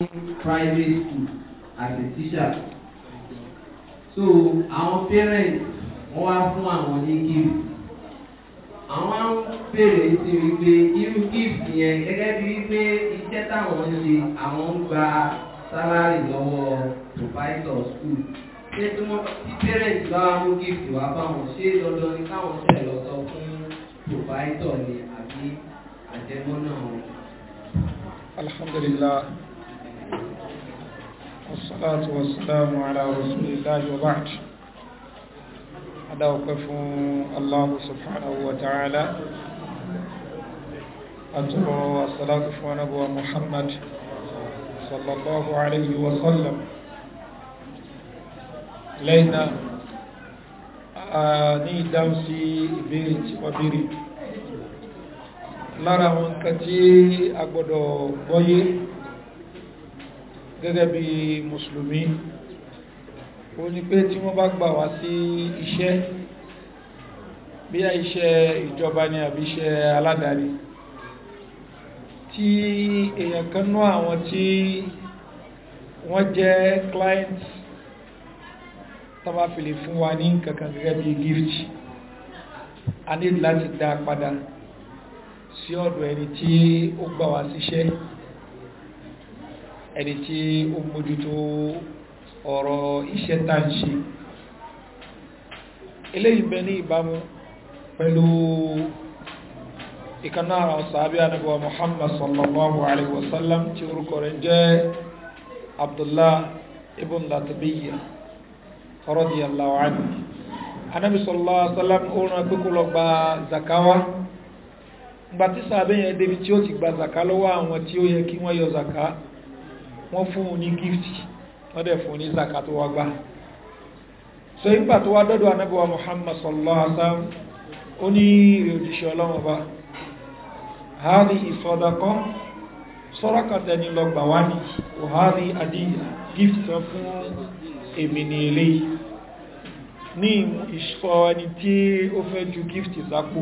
private school as a teacher so our parents wọ́n wá fún àwọn ní gift àwọn á ń bèrè sí wípé irú gift yẹn gẹ́gẹ́ bí wípé iṣẹ́ táwọn ń ṣe àwọn ń gba sálárì lọ́wọ́ proprietor school ṣé tí wọ́n tí parents bá mú gift wá fáwọn ṣé dandan ni káwọn ṣe lọ sọ fún proprietor ni àbí àjẹmọ́ náà. alhamdulillah. والصلاة والسلام على رسول الله وبعد وقف الله سبحانه وتعالى أترى الصلاة ونبوة محمد صلى الله عليه وسلم لينا ní ìdáhùn sí ìbéèrè tí wọ́n béèrè lára àwọn nǹkan tí a gẹ́gẹ́ bí mùsùlùmí ó ní pé tí wọ́n bá gbà wá sí iṣẹ́ bí i iṣẹ́ ìjọba ni àbí iṣẹ́ aládàáni tí èèyàn kan nú àwọn tí wọ́n jẹ́ client tọ́bá fi lè fún wa ní kankan gẹ́gẹ́ bí gift a ní láti dá padà sí ọ̀dọ̀ ẹni tí ó gbà wá síṣẹ́ si ẹni tí ó mójútó ọ̀rọ̀ iṣẹ́ tá ń ṣe eléyìí bẹ ní ìbámu pẹ̀lú ìkaná àwọn sàábí àdúgbò Muhammad sallallahu alaihi wasallam tí orúkọ rẹ̀ jẹ́ Abdullah ibn Latabiyya radiyallahu anhu anabi sallallahu alaihi wasallam ó rán pé kó lọ gba zakawa gbàtí sàábí yẹn débi tí ó ti gba zaka lọ́wọ́ àwọn tí ó yẹ kí wọ́n yọ zaka wọ́n fún un ní gift wọ́n dẹ̀ fún un ní zaka tó wá gbá so nígbà tó wá dọ́dọ̀ anábíwá muhammad sallallahu alaihi wa sallam ó ní òjíṣẹ́ ọlọ́run ọba hadi ìsọdakọ́ sọ́rọ́kàtẹ́ ni lọ gbà wá ní òhari àdí gift fún èmi ní ilé ní ìṣọ́ ẹni tí ó fẹ́ ju gift sápò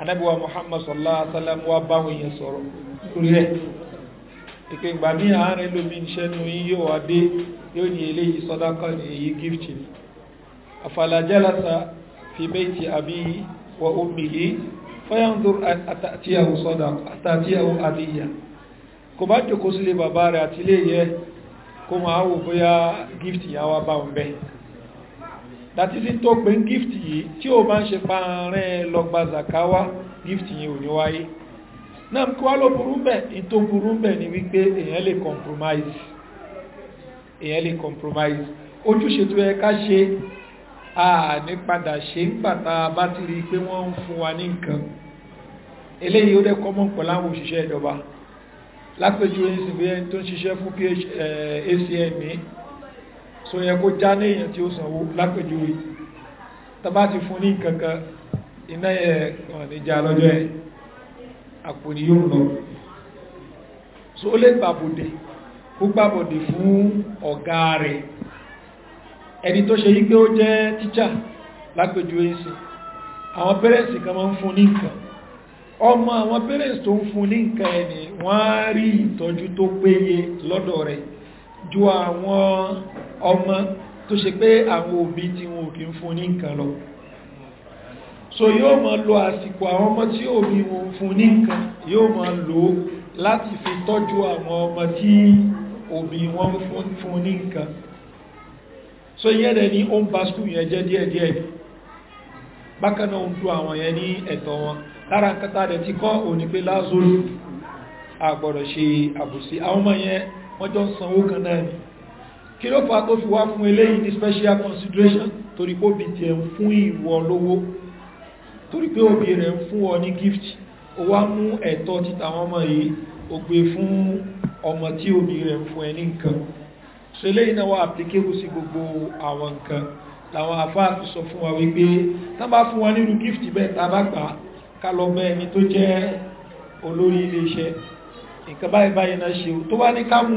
anábíwá muhammad sallallahu alaihi wá báwọn èèyàn sọ̀rọ̀ lórí rẹ̀ ìpè ìgbà mí àárín lómi iṣẹ́ ní oyin yóò wá dé yóò ní eléyìí sọ́dákọ̀ ní èyí gift ni àfàlàjálàta fi bayti àbí wa ummihi fayanzur àtàtíyàwó sọ́dákọ̀ àtàtíyàwó àdíyà kò bá jòkó sílé bàbá rẹ̀ àti ilé yẹ kó máa wò bóyá gift yà wá bá ń bẹ́ dàtí sí tó pé gift yìí tí ó bá ń ṣe pa àárín lọ́gbà zakawa gift yìí ò ní wáyé náà kí wá ló burú bẹ̀ ìtò burú bẹ̀ ni wípé èyàn lè compromise èyàn lè compromise ojúṣe tó yẹ ká ṣe àní padà ṣe ń pàtà bá ti rí pé wọ́n ń fún wa ní nǹkan eléyìí ó dẹ́ kọ́mọ̀ pẹ̀lú àwọn òṣìṣẹ́ ìjọba lápẹjú ẹ̀sìnbí tó ń ṣiṣẹ́ fún acn ní so yẹ kó já ní èyàn tí ó sanwó lápẹjú tàbá ti fún ní nǹkan kan iná ẹ̀ kàn ní lọ́jọ́ ẹ̀ àpò ụlọ lọ so o le gbàbòdè kó gbàbòdè fún ọ̀gá rẹ̀ ẹni tó ṣe yípé ó jẹ́ tíṣà lápẹjú èsì àwọn pẹ́rẹ́ǹsì kan máa ń fún ní nǹkan ọmọ àwọn pẹ́rẹ́ǹsì tó ń fún ní nǹkan ẹni wọ́n á rí ìtọ́jú tó péye lọ́dọ̀ rẹ̀ ju àwọn ọmọ tó ṣe pé àwọn òbí tí wọn ò kí ń fún lọ so yóò máa lo àsìkò àwọn ọmọ tí òbí wọn fún ní nǹkan yóò máa lò láti fi tọ́jú àwọn ọmọ tí òbí wọn fún ní nǹkan so yẹ́ rẹ̀ ní ó ń ba skúù yẹn jẹ́ díẹ̀díẹ̀ bákan náà ń tó àwọn yẹn ní ẹ̀tọ́ wọn lára kẹta rẹ̀ ti kọ́ òní pé lázólú àgbọ̀rọ̀ ṣe àbòsí àwọn ọmọ yẹn wọ́n jọ ń sanwó kan náà ni kí ló fà tó fi wá fún eléyìí ní special consideration torí kó bìtì ẹ̀ fún ìwọ lówó torí pé òbí rẹ̀ ń fún ọ ní gift ó wá mú ẹ̀tọ́ títa àwọn ọmọ yìí ó gbé fún ọmọ tí òbí rẹ̀ ń fún ẹ ní nǹkan so eléyìí náà wà applicable sí gbogbo àwọn nǹkan làwọn àfáà fi sọ fún wa wípé tá bá fún wa nírú gift bẹ́ẹ̀ tá bá gbà ká lọ bẹ ẹni tó jẹ́ olórí iléeṣẹ́ nǹkan báyìí báyìí náà ṣe tó bá ní ká mú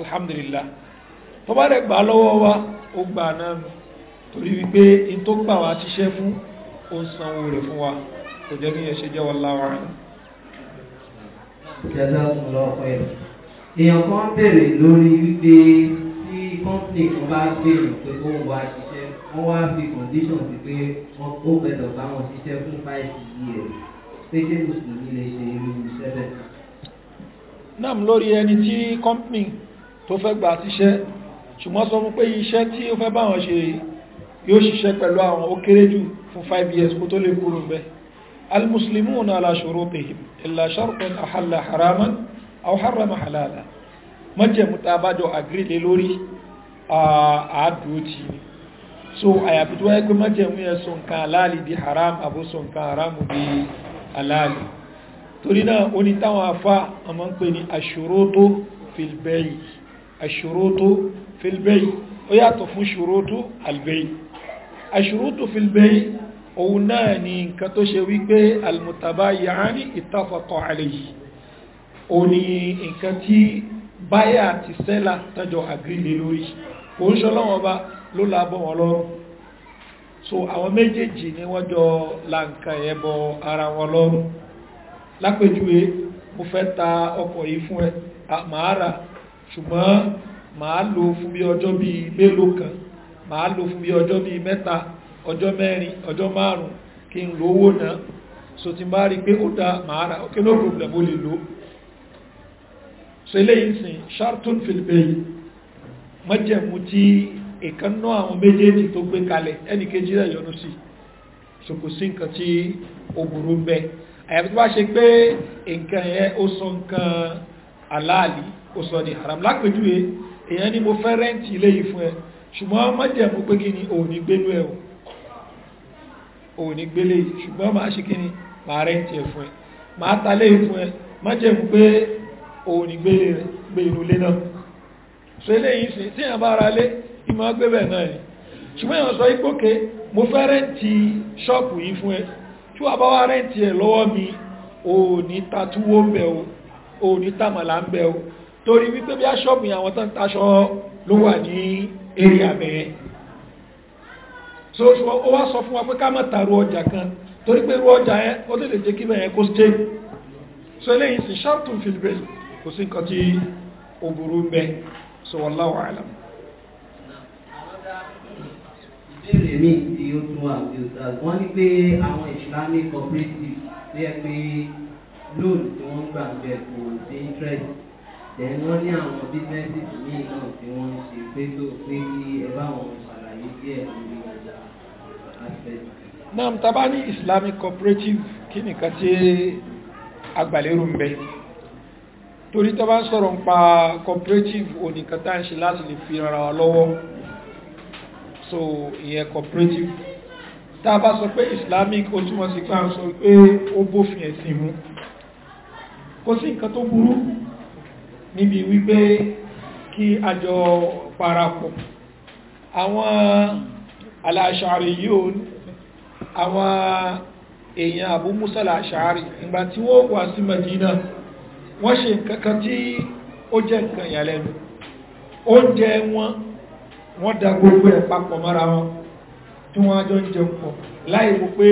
alhamdulillah tó bá rẹ̀ gbà lọ́wọ́ wa ó gbà náà torí wípé in gbà wá ṣiṣẹ́ fún ó ń sanwó rẹ̀ fún wa kò jẹ́ bí yẹn ṣe jẹ́ wallahu a'lam. Jazakumullahu khairan. èèyàn kan béèrè lórí wípé tí kọ́ńpìnì kan bá béèrè pé kó wọ́n wá ṣiṣẹ́ wọ́n wá fi condition sí pé wọ́n ó gbẹ̀dọ̀ bá wọn ṣiṣẹ́ fún five years pé ṣé mùsùlùmí lè ṣe irú iṣẹ́ bẹ́ẹ̀. náà lórí ẹni tí kọ́ńpìnì tó fẹ́ gbà síṣẹ́ ṣùgbọ́n sọ fún pé iṣẹ́ tí ó fẹ́ bá wọn ṣe yóò ṣiṣẹ́ pẹ̀lú àwọn ó kéré jù fún 5 years kó tó lè kúrò ń bẹ́ almuslimun ala shurutihim illa shartan ahalla haraman aw harrama halala májẹ̀mú tá bá jọ agree lé lórí àádùú tí ni so àyàfi tó wáyé pé májẹ̀mú yẹn sọ nǹkan aláàlì di haram àbó sọ nǹkan di aláàlì torí náà ó táwọn afá àmọ́ ń pè ní ashurutu fil ó yàtọ̀ fún shurutu al aṣùrútù filbẹ̀ òun náà ni nǹkan tó ṣe wípé almutabayani ittafaqa alayhi o ni nǹkan tí báyà àti sẹ́là tàjọ àgbélé lórí kò ń ṣọ́lọ́wọ́ bá ló lábọ̀ wọn lọ́rùn so àwọn méjèèjì ni wọ́n jọ láǹkà ẹbọ ara wọn lọ́rùn lápèjúwe mo fẹ́ ta ọkọ̀ yìí fún ẹ màá ṣùgbọ́n màá lò fún bí ọjọ́ bíi mélòó kan màá lò fún bí ọjọ́ bíi mẹ́ta ọjọ́ mẹ́rin ọjọ́ márùn kí n lò owó náà so ti bá rí pé ó dá màá ra ok no problem ó lè lò so eléyìí sìn sharton filibéyì mọ́jẹ̀mú tí ìkanná àwọn méjèèjì tó gbé kalẹ̀ ẹnì kejì rẹ̀ yọnu sí so kò sí nǹkan tí ó burú bẹ́ àyàfi tó bá ṣe pé nǹkan yẹn ó sọ nǹkan aláàlì ó sọ ní haram lápèjúwe èèyàn ni mo fẹ́ rẹ́ǹtì ilé yìí fún ẹ ṣùgbọ́n májẹ̀mú pé kí ni òní gbélú ẹ̀ òní gbélé ṣùgbọ́n máa ṣe kí ni máa rẹ́ǹtì ẹ̀ fún ẹ máa talé e fún ẹ májẹ̀mú pé òní gbélé rẹ̀ gbé inú lé náà so eléyìí sí tí a bá ara lé ìmọ̀ gbébẹ̀ náà ni ṣùgbọ́n èèyàn sọ ipókè mo fẹ́ rẹ́ǹtì ṣọ́ọ̀pù yìí fún ẹ tí wàá bá wá rẹ́ǹtì ẹ̀ lọ́wọ́ mi òní tatúwó ń bẹ̀ o òní tàmàlà ń bẹ̀ o torí wípé bí a ṣọ́ọ̀pù yìí àwọn tán taṣọ ló wà ní area bẹ́ẹ̀ so ó wá sọ fún wa pé ká má tàrú ọjà kan torí pé irú ọjà yẹn ó lè lè jẹ́ kí bẹ́ẹ̀ kó stay so eléyìí sì sharpton filibel kò sí nǹkan tí ó burú ń bẹ so alam wọ́n ní pé àwọn tí wọ́n gbà ń bẹ̀ kò sí interest then wọ́n ní àwọn businesses míì náà tí wọ́n ń ṣe pé tó pé kí ẹ bá wọn ṣàlàyé díẹ̀ lórí ọjà aspect. naam taba ní islamic cooperative kí nìkan tí agbàlérò ń bẹ torí taba ń sọ̀rọ̀ nípa cooperative onìkan tá ń ṣe láti lè fi ara wa lọ́wọ́ so ìyẹn cooperative tá a bá sọ pé islamic ó túmọ̀ sí pé à ń sọ pé ó bófin ẹ̀sìn mu kò sí nǹkan tó burú níbi wípé kí àjọ parapọ̀ àwọn aláṣàrí yóò àwọn èèyàn Abu Musa aláṣàrí ìgbà tí wọ́n wà sí Madina wọ́n ṣe kankan tí ó jẹ́ nǹkan ìyàlẹ́nu oúnjẹ wọn wọ́n da gbogbo ẹ̀ papọ̀ mọ́ra wọn tí wọ́n jọ ń jẹun pọ̀ láì wò pé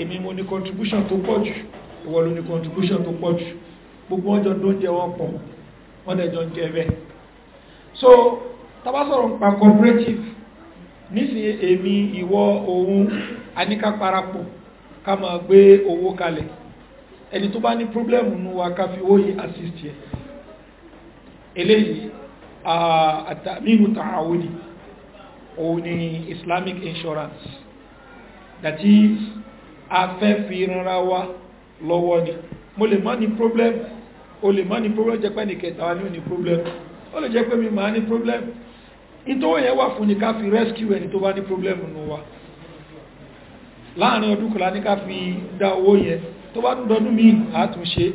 èmi mo ní contribution tó pọ̀ jù ìwọ ní contribution tó pọ̀ jù gbogbo wọn jọ jẹ wọn pọ̀ wọ́n dẹ̀jọ jẹ́ bẹ́ẹ̀ so tabasọ̀rọ̀ ń pa cooperative nísìnyí èmi ìwọ ohun aníká parapọ̀ ká máa gbé owó kalẹ̀ ẹni tó bá ní problem nu wa ká fi owó yìí assist yẹ eléyìí àtàmínú tààwọ́dì òun ni islamic insurance that is afẹ́ fi ránra wa lọ́wọ́ ni mo lè má ní problem o lè má ní problem jẹ́ pé ní kẹta wa ní ò ní problem ó lè jẹ́ pé mi máa ní problem ìtọ́wọ̀ yẹn wà fún ní ká fi rescue ẹni tó bá ní problem nù wa láàrin ọdún kọlá ní ká fi dá owó yẹn tó bá dọdún míì àtúnṣe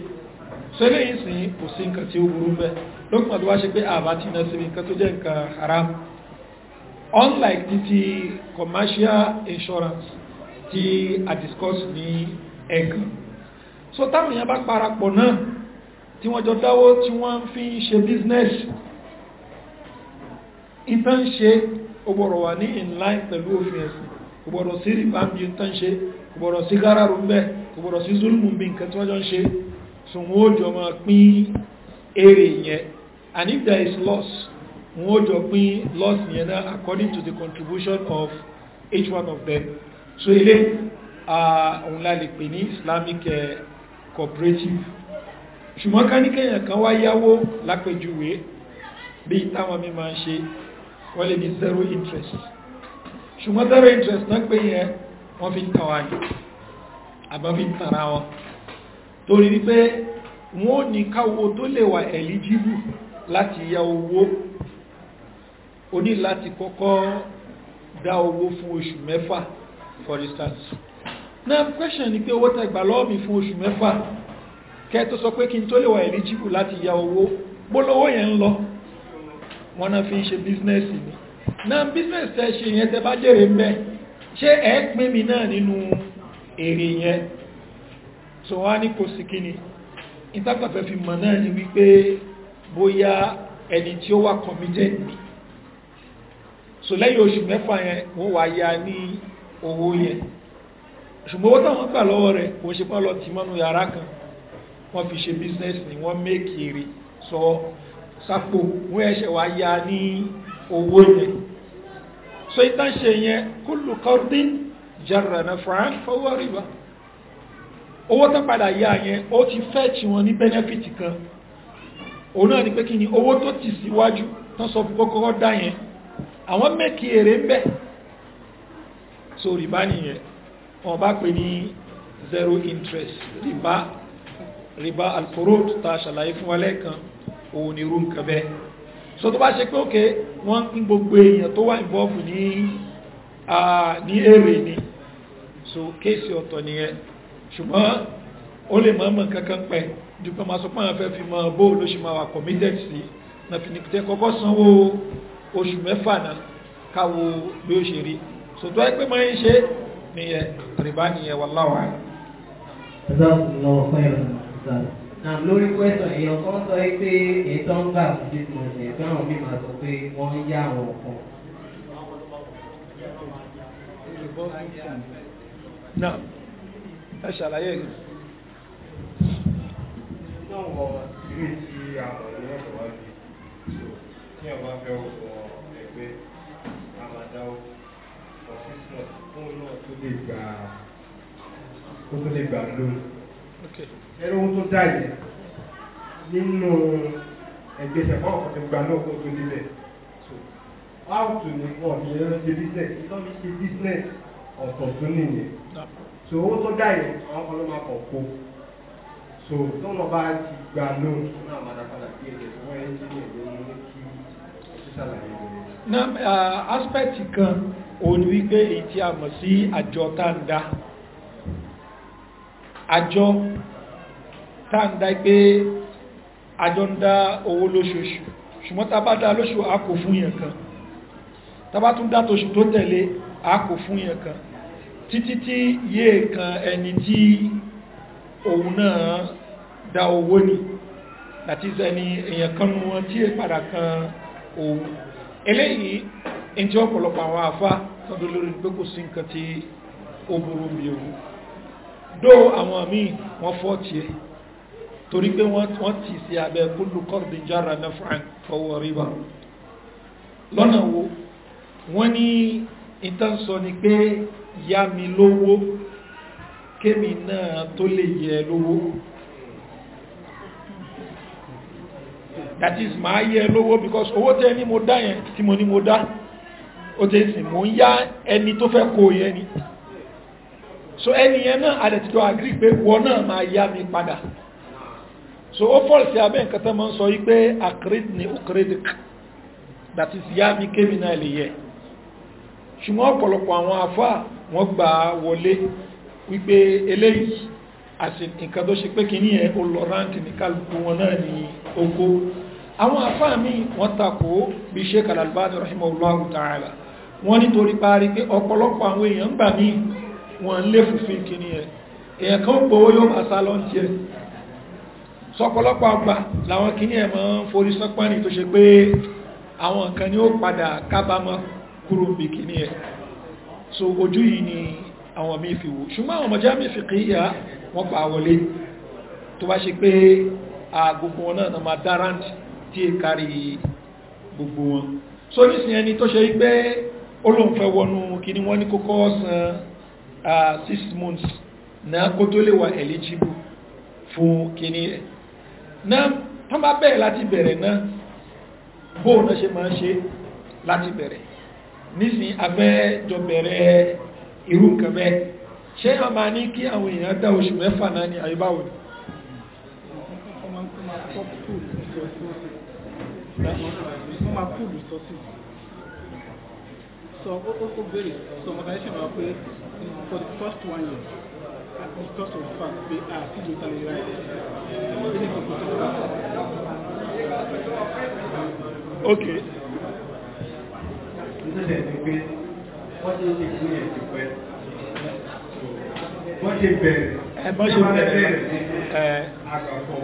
so ilé yìí sìn kò sí nǹkan tí ó burú bẹ́ lókùnmọ̀ tó wá ṣe pé àbá ti ná sí nǹkan tó jẹ́ nǹkan haram unlike ti ti commercial insurance tí a discuss ní ẹ̀kan so táwọn èèyàn bá parapọ̀ náà tí wọ́n jọ dáwó tí wọ́n fi ń ṣe business ìtàn ṣe ọgbọ̀rọ̀ wà ní in line pẹ̀lú òfin ẹ̀sìn ọgbọ̀rọ̀ sí rí báńbí ìtàn ṣe ọgbọ̀rọ̀ sí gáràrù ń bẹ́ ọgbọ̀rọ̀ sí zulmù bí nǹkan tí wọ́n jọ ń ṣe sùn wọ́n jọ máa pín èrè yẹn and if there is loss wọ́n jọ pín loss yẹn náà according to the contribution of each one of them so ilé òun la lè pè ní islamic uh, cooperative ṣùgbọ́n ká ní kẹ́yàn kan wá yáwó lápẹjúwé bí táwọn mi máa ṣe wọ́n lè ní zero interest ṣùgbọ́n zero interest náà pé yẹn wọ́n fi ń tàn wá ní àbá fi ń tàrà wọn torí wípé wọ́n ní káwó tó lè wà eligible láti yá owó o ní láti kọ́kọ́ dá owó fún oṣù mẹ́fà for instance now question ni pé owó tẹgbà lọ́ọ̀mì fún oṣù mẹ́fà kẹ́ tó sọ pé kí n tó lè wà eligible láti ya owó gbólówó yẹn ń lọ wọ́n náà fi ń ṣe bísínẹ́sì ni na bísínẹ́sì tẹ́ ṣe yẹn tẹ́ bá jèrè mẹ́ ṣé ẹ pín mi náà nínú èrè yẹn so wá ní kò sí kíni ìtàkàfẹ́ fi mọ̀ náà ni wípé bóyá ẹni tí ó wà committed ni so lẹ́yìn oṣù mẹ́fà yẹn wọ́n wá ya ní owó yẹn ṣùgbọ́n owó táwọn gbà lọ́wọ́ rẹ̀ kò ṣe pọ́ lọ tì mọ́nú yàrá kan wọ́n fi ṣe business ni wọ́n mékèrè sọ sápò wọ́n ẹ̀ṣẹ̀ wá yá ní owó yẹn so ìtàn ṣe yẹn kullu qardin jarra naf'an fahuwa riba owó tó padà yá yẹn ó ti fetch wọn ní benefit kan òun náà ni pé kí ni owó tó ti síwájú tán sọ fún kọ́kọ́kọ́ dá yẹn àwọn mẹ́kì èrè ń bẹ̀ so rìbá nìyẹn wọ́n bá pè ní zero interest rìbá riba alfurud ta ṣàlàyé fún wa lẹ́ẹ̀kan òun ni irú so tó bá ṣe pé òkè wọ́n ń gbogbo èèyàn tó wà involve ní èrè ni so kéèsì ọ̀tọ̀ nìyẹn ṣùgbọ́n ó lè mọ́ mọ́ kankan pẹ̀ dùpẹ́ máa sọ pé àwọn fẹ́ fi mọ bó ló ṣe máa wà committed sí na fi ní pẹ́ kọ́kọ́ sanwó oṣù mẹ́fà náà káwo bí ó ṣe rí so tó ẹgbẹ́ máa ń ṣe nìyẹn rìbá nìyẹn wà láwàá. ẹ lọ fẹ́ ìrànlọ́wọ́ náà lórí pẹ́sàn èèyàn kan sọ pé ètò ń gbà fún bísí wọn ṣe fẹ́ràn mi máa sọ pé wọ́n ń yá àwọn kan. náà ẹ ṣàlàyé ni. náà wọ ilé tí a mọ̀ tí ọba fẹ́ wọ ẹgbẹ́ a máa dáwọ́ fún náà tó lè gbà tó ẹ̀rọ ohun tó dáa yìí nínú ẹ̀gbẹ́sẹ̀ fún ọ̀pọ̀ tó gbà náà kó tó débẹ̀ how to ní wọn fi ṣe business ìtọ́ fi ṣe business ọ̀tọ̀ tó nìyẹn so owó tó dáa yìí àwọn kan ló máa kọ̀ kó so tọ́nà bá ti gbà náà náà máa padà sí ẹ̀jẹ̀ tí wọ́n ẹ̀ ń ṣe kí ó ṣàlàyé rẹ̀. na ah, aspect kan òun wípé èyí tí a mọ̀ sí àjọ tá ń dá àjọ táǹdá pé àjọ ń dá owó lóṣooṣù ṣùgbọ́n tá bá dá lóṣù a kò fún yẹn kan tá bá tún dá tóṣù tó tẹ̀lé a kò fún yẹn kan títí tí yé kan ẹni tí òun náà dá owó ní láti ẹni èyàn kan nú wọn tí è padà kan òun eléyìí ẹni tí ọ̀pọ̀lọpọ̀ àwọn àfá tọ́dún lórí pé nǹkan tí ó burú bí òun dó àwọn míì wọ́n fọ́ tiẹ̀ torí pé wọ́n ti sí abẹ́ kúlù kọ́ọ̀dì jára mẹ́fà fọwọ́ rírà lọ́nà wo wọ́n ní ìtànsọ ni pé yá mi lówó kémi náà tó lè yẹ lówó that is máa yẹ lówó because owó tẹ́ ní mo dá yẹn tí mo ní mo dá ó tẹ́ sì mo ń yá ẹni tó fẹ́ kó yẹ ni so ẹnìyẹn náà àdẹ̀tìdọ̀ agri pé wọ́n náà máa yá mi padà so ó fọ́ọ̀lù sí abẹ́ nǹkan tó máa ń sọ yí pé akrid ni ukridik that is yá mi kémi náà lè yẹ ṣùgbọ́n ọ̀pọ̀lọpọ̀ àwọn afá wọ́n gbà wọlé wípé eléyìí àti nǹkan tó ṣe pé kí ní ẹ ó lọ rántí ní kálukú wọn náà ní oko àwọn afá mi wọ́n takò bí Sheikh Al-Albani ta'ala wọ́n nítorí parí pé ọ̀pọ̀lọpọ̀ àwọn èèyàn gbà míì wọn lé fòfin kìíní ẹ̀ èèyàn kan gbowó yóò máa sá lọ́n tiẹ̀ sọpọlọpọ àgbà làwọn kìíní ẹ̀ máa ń forí sọ́pánì tó ṣe pé àwọn kan ni ó padà kábàámọ̀ kúrò bí kìíní ẹ̀ so ojú yìí ni àwọn míì fi wò ṣùgbọ́n àwọn ọmọdé àmì fìkìyà wọ́n gbà wọlé tó bá ṣe pé àgbogbo wọn náà máa dáràǹtì tí è kárí gbogbo wọn so nísìnyẹn ni tó ṣe wípé ó lóun fẹ́ wọnú kí ni ní kókó san uh, six months na kó tó lè wà eligible fún kíní rẹ̀ náà tán bá bẹ̀rẹ̀ láti bẹ̀rẹ̀ náà bóò náà ṣe máa ṣe láti bẹ̀rẹ̀ nísìn abẹ́jọ bẹ̀rẹ̀ irú nǹkan bẹ́ẹ̀ ṣé a máa ní kí àwọn èèyàn dá oṣù mẹ́fà náà ní àyíbáwò ni So, ó ó some organization wa pé for the first one year because of fact pé are still lè ta ìlera ẹ̀ ilé kankan tó fà. ok. ìṣẹ̀lẹ̀ ni pé wọ́n ṣe ṣe fún yẹn ti pẹ́ wọ́n ṣe bẹ̀rẹ̀ wọ́n ṣe bẹ̀rẹ̀ àkàkọ́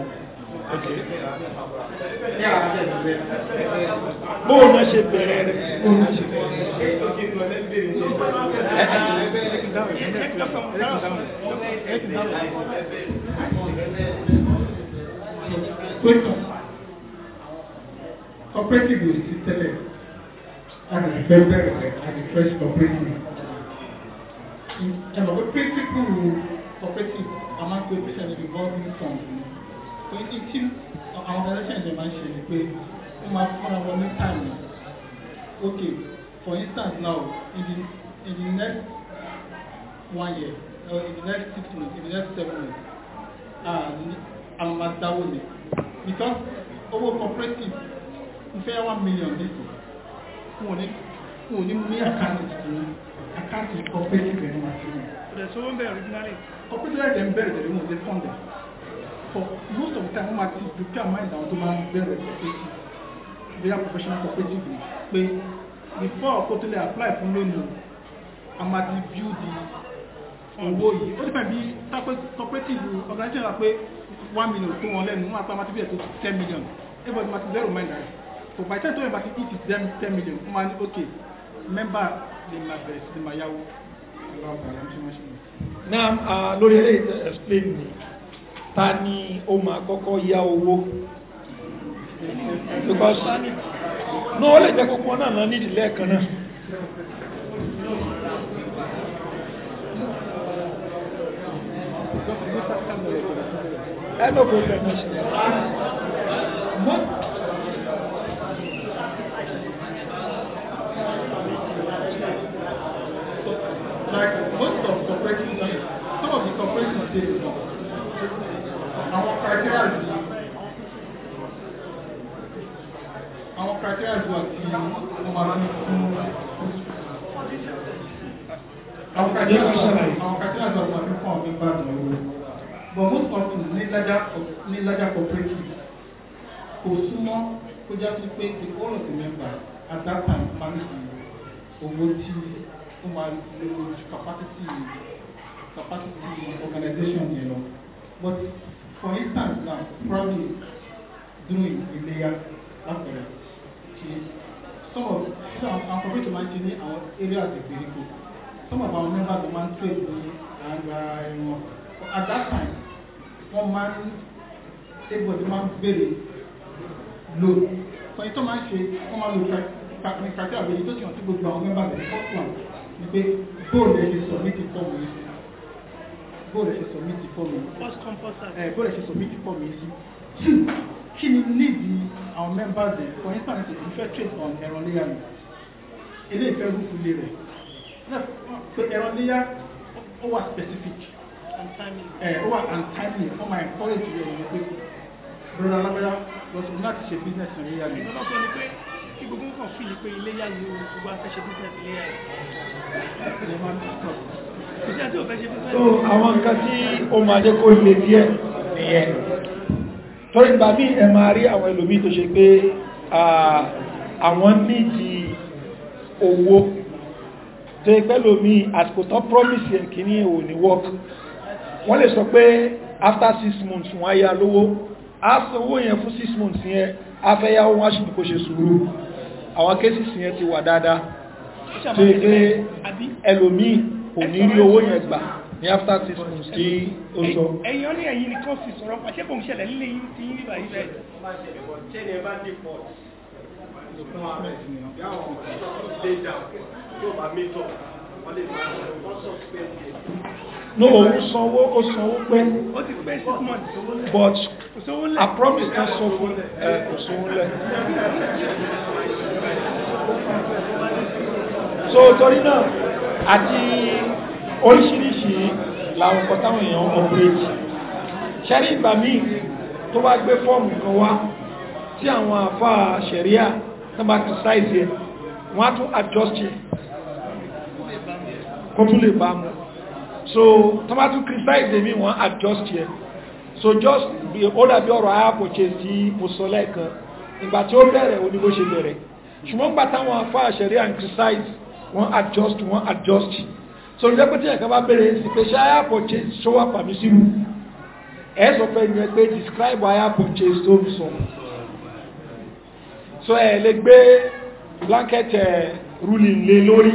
bóun náà ṣe bẹ̀rẹ̀ rẹ̀ bóun náà ṣe bẹ̀rẹ̀ rẹ̀ cooperative yóò sí tẹ́lẹ̀ a lè fẹ́ bẹ̀rẹ̀ rẹ̀ a lè fẹ́ cooperative ẹ̀mọ̀ pé principle cooperative a máa ń pe patient involving funds ni torí ní tí àwọn directions ẹ̀ máa ń ṣe ni pé ó máa fúnra wọn ní time ni okay for instance now in the in the next one year or in the next six months in the next seven months àwọn máa dáwọ́ ni because owó cooperative ń fẹ́ one million nísìn fún òní fún òní mú ní àkáǹtì tuntun àkáǹtì cooperative ẹ̀ ní wàá sí wọn. ọ̀dẹ̀ sọ́wọ́n bẹ̀rẹ̀ originally. cooperative ẹ̀ ń bẹ̀rẹ̀ tẹ̀lé wọn ṣe fund ẹ̀ for most of the time wọ́n máa ti determine àwọn tó máa ń bẹ̀rẹ̀ cooperative bóyá professional cooperative ni before kó tó lè apply fún lónìí a máa ti build the owó yìí ó dìpẹ́ bí cooperative organization wa pé one million tó wọn lẹ́nu wọn apá máa tó ten million everybody máa ti zero mind rẹ̀ so by ten time tó yẹn bá them ten million wọ́n máa ní okay member lè máa bẹ̀rẹ̀ sí lè máa yáwó. Naam, ah, lórí eléyìí explain ni ta ni ó máa kọ́kọ́ yá owó because no ó lè jẹ́ gbogbo náà náà nídìí lẹ́ẹ̀kan náà Hello, good àwọn kàdé àṣàlàyé àwọn kàdé àgbàgbà ní fún àwọn nígbà àgbà ìwé but most often ní lájà ní lájà cooperative kò súnmọ́ kó já sí pé the all of the members at that time máa ń di owó tí ó máa ń lo capacity capacity organization yẹn lọ but for instance now probably during ìléyà lápẹẹrẹ ṣe some of so àwọn kọ̀mítì máa ń our area àwọn areas ìgbèríko some of our members máa ń trade ní àgbà ẹ̀wọ̀n at that time wọ́n máa ń everybody máa ń béèrè loan so èyí tó máa ń ṣe wọ́n máa lo criteria àbẹ̀yẹ tó ti hàn sí gbogbo àwọn members the first one ni pé bóòlù ẹ̀ ṣe submit fọ́ọ̀mù yìí sí bóòlù ẹ̀ ṣe submit fọ́ọ̀mù yìí sí bóòlù ẹ̀ ṣe submit fọ́ọ̀mù yìí sí two kí ni níbi àwọn members ẹ̀ for instance ìlú fẹ́ trade on ẹran léyà mi ilé ìfẹ́ rúfu lé rẹ̀ pé ẹran léyà ó wà specific ó wà untimely ó máa encourage rẹ̀ ní pé broda alágbára lọ́sọ̀rọ̀ láti ṣe business ní léyà mi. ìjọba sọ ni pé kí gbogbo nǹkan fi ni pé iléyà ni o gbogbo afẹ́ ṣe business iléyà yìí. kò sí àti òfẹ́ ṣe business. so àwọn nǹkan tí ó máa jẹ́ kó le díẹ̀ nìyẹn torí gbà mí ẹ máa rí àwọn ẹlòmí tó ṣe pé àwọn nídi owó tó ẹgbẹ́ lòmí àsìkò promise ẹ̀ kì ní èwò ní work wọ́n lè sọ pé after six months wọ́n á yá lówó á sanwó yẹn fún six months yẹn á fẹ́ yá wọ́n á ṣùgbọ́n kó ṣe sùúrù àwọn cases yẹn ti wà dáadáa tó ẹgbẹ́ ẹlòmí kò ní rí owó yẹn gbà ní after six months kí ó sọ. ẹ̀yàn ní ẹ̀yìn nìkan sì sọ̀rọ̀ pàṣẹ kò ń ṣẹlẹ̀ nílé yìí ti yí báyìí rẹ̀. ṣẹlẹ̀ no òun sanwó ó sanwó pé but I promise kan sọ fún ẹ kò sanwó lẹ̀. so torí náà àti oríṣiríṣi sí làwọn kan táwọn èèyàn ọ̀pẹ́rẹ́tì ṣẹ́rí ìgbà míì tó bá gbé fọ́ọ̀mù kan wá tí àwọn àfá ṣẹ̀ríà tó bá kìrìsáìsì ẹ̀ wọ́n á tún adjust ẹ̀ kó tún lè bá mú so tó bá tún kìrìsáìsì mi wọ́n adjust ẹ̀ so just be ó dàbí ọ̀rọ̀ àápòche sí mùsọ̀lẹ́ kan ìgbà tí ó bẹ̀rẹ̀ ó ní bó ṣe bẹ̀rẹ̀ ṣùgbọ́n gbà táwọn àfá ṣẹ̀ríà kìrìsáìsì wọ́n adjust wọ́n adjust, wọ́n sọ̀rọ̀ jẹ́ pé tí ẹ̀kan bá bèrè sí pé ṣé hire purchase ṣó wà permissible ẹ sọ fẹ́ yẹn pé describe hire purchase tó so ẹ lè gbé blanket ruling lé lórí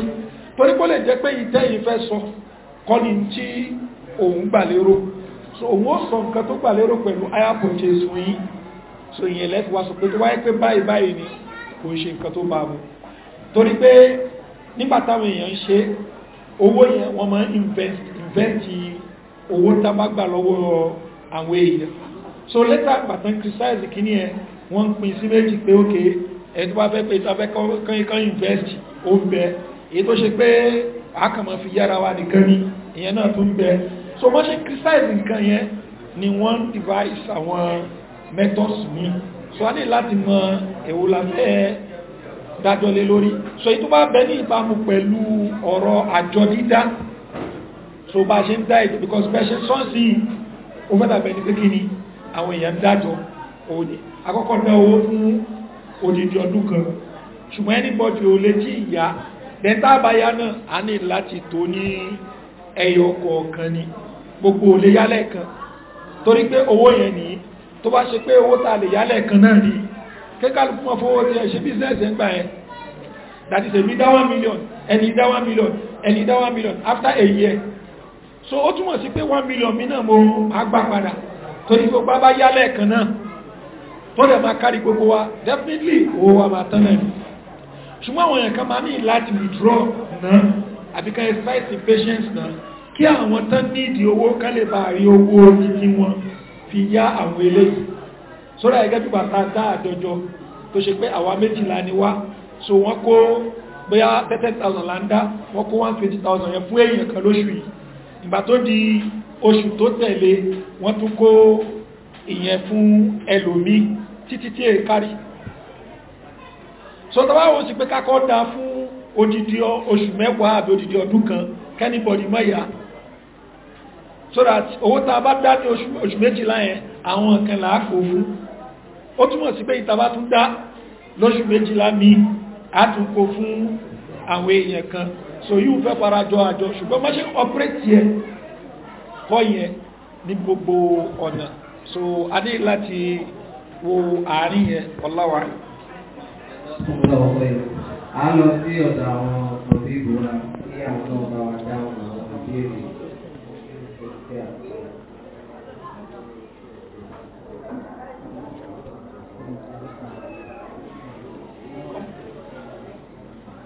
torí kó lè jẹ́ pé ìtẹ́ yìí fẹ́ sọ kọ́ ni tí òun gbà lérò so òun ó sọ nǹkan tó gbà lérò pẹ̀lú hire purchase fún so ìyẹn lẹ́fi wá sọ pé tó wáyé pé báyìí báyìí ni kò ń ṣe nǹkan tó bá mu torí pé nígbà táwọn èèyàn ń ṣe owó yẹn wọ́n máa invest invest owó tábàgbà lọ́wọ́ àwọn èèyàn so later gbàtàn criticize kìíní ẹ wọ́n ń pín sí méjì pé ókè ẹni tó bá fẹ́ pé ìtafẹ́ kan invest ó ń bẹ èyí tó ṣe pé àkàmọ̀ fi yára wa nìkan ní ìyẹn náà tó ń bẹ so wọ́n ṣe criticize nǹkan yẹn ni wọ́n device àwọn methods mi so a ní láti mọ èwo la fẹ́ dájọ́ lé lórí so èyí tó bá bẹ ní ìbámu pẹ̀lú ọ̀rọ̀ àjọ dídá so bá ṣe ń dá èdè because bẹ́ṣẹ́ sọ́ọ̀sì ó fẹ́ dàbẹ̀ ní pé kí ni àwọn èèyàn dájọ́ òní akọ́kọ́ ná owó fún odidi ọdún kan ṣùgbọ́n anybody ò lè jí ìyá dẹ́ntà àbáyá náà a ní láti tó ní ẹyọ kọ̀ọ̀kan ni gbogbo ò lè yálẹ̀ kan torí pé owó yẹn nìyí tó bá ṣe pé owó ta lè yálẹ̀ kan náà nìyí kékàlùkù wọn fowó tí ẹ ṣe business ẹ̀ ń gbà yẹn that is a dá one million ẹni dá one million ẹni dá one million after a year so ó túmọ̀ sí pé one million mi náà mo agbá padà torí gbogbo bá yálẹ̀ kan náà tó dẹ̀ máa kárí gbogbo wa definitely owó wa máa tán náà ṣùgbọ́n àwọn èèyàn kan máa ní láti withdraw náà àbí kan exercise patience náà kí àwọn tán nídìí owó kán lè bá rí owó títí wọn fi yá àwọn eléyìí sọ́rọ̀ ẹgẹ́ bí bàtà dáàdọjọ tó ṣe pé àwa méjìlá ni wá so wọ́n kó bóyá 30,000 láńdá wọ́n kó 120,000 yẹn fún èèyàn kan lóṣù yìí ìgbà tó di oṣù tó tẹ̀lé wọ́n tún kó ìyẹn fún ẹlòmí títí tí è kárí so tọ́wọ́ sí pé kákọ́ dá fún odidi oṣù mẹ́wàá àbí odidi ọdún kan kẹ́nìbọ̀dì mọ́ya so that owó tá bá dá ní oṣù méjìlá yẹn àwọn kan làákò fún ó túnmọ̀ sí pé ìtàbá tún dá lóṣù méjìlá mi àtúnkò fún àwọn èèyàn kan so yíò fẹ́ farajọ àjọ ṣùgbọ́n má ṣe ọpẹ́tì ẹ kọ́ yẹn ní gbogbo ọ̀nà so a ní láti wo àárín yẹn ọláwà a lọ sí ọ̀dà àwọn ọ̀pọ̀ sí ìgbòrà ní àwọn ọ̀dà àwọn ọ̀pọ̀ sí èdè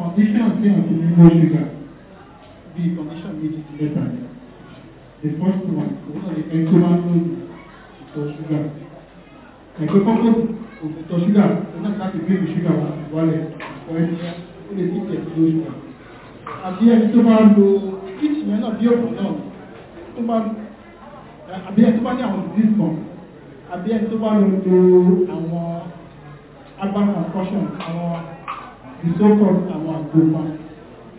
condition tí wọ́n ti ní low sugar bí condition méjì ti mẹ́ta ni the first one òun náà ni encomacosis ìtọ̀ ṣúgà encomacosis òògùn ìtọ̀ ṣúgà òun náà láti gbé ìṣúgà wà wálẹ̀ ọ̀ ẹni ó lè títẹ̀ sí low sugar àbí ẹni tó bá lo kíkì yẹn náà bí ọ̀pọ̀ náà tó bá àbí ẹni tó bá ní àwọn disease kan àbí ẹni tó bá lo àwọn agbára concussion àwọn ìsọ́kọ̀ àwọn àgbòkan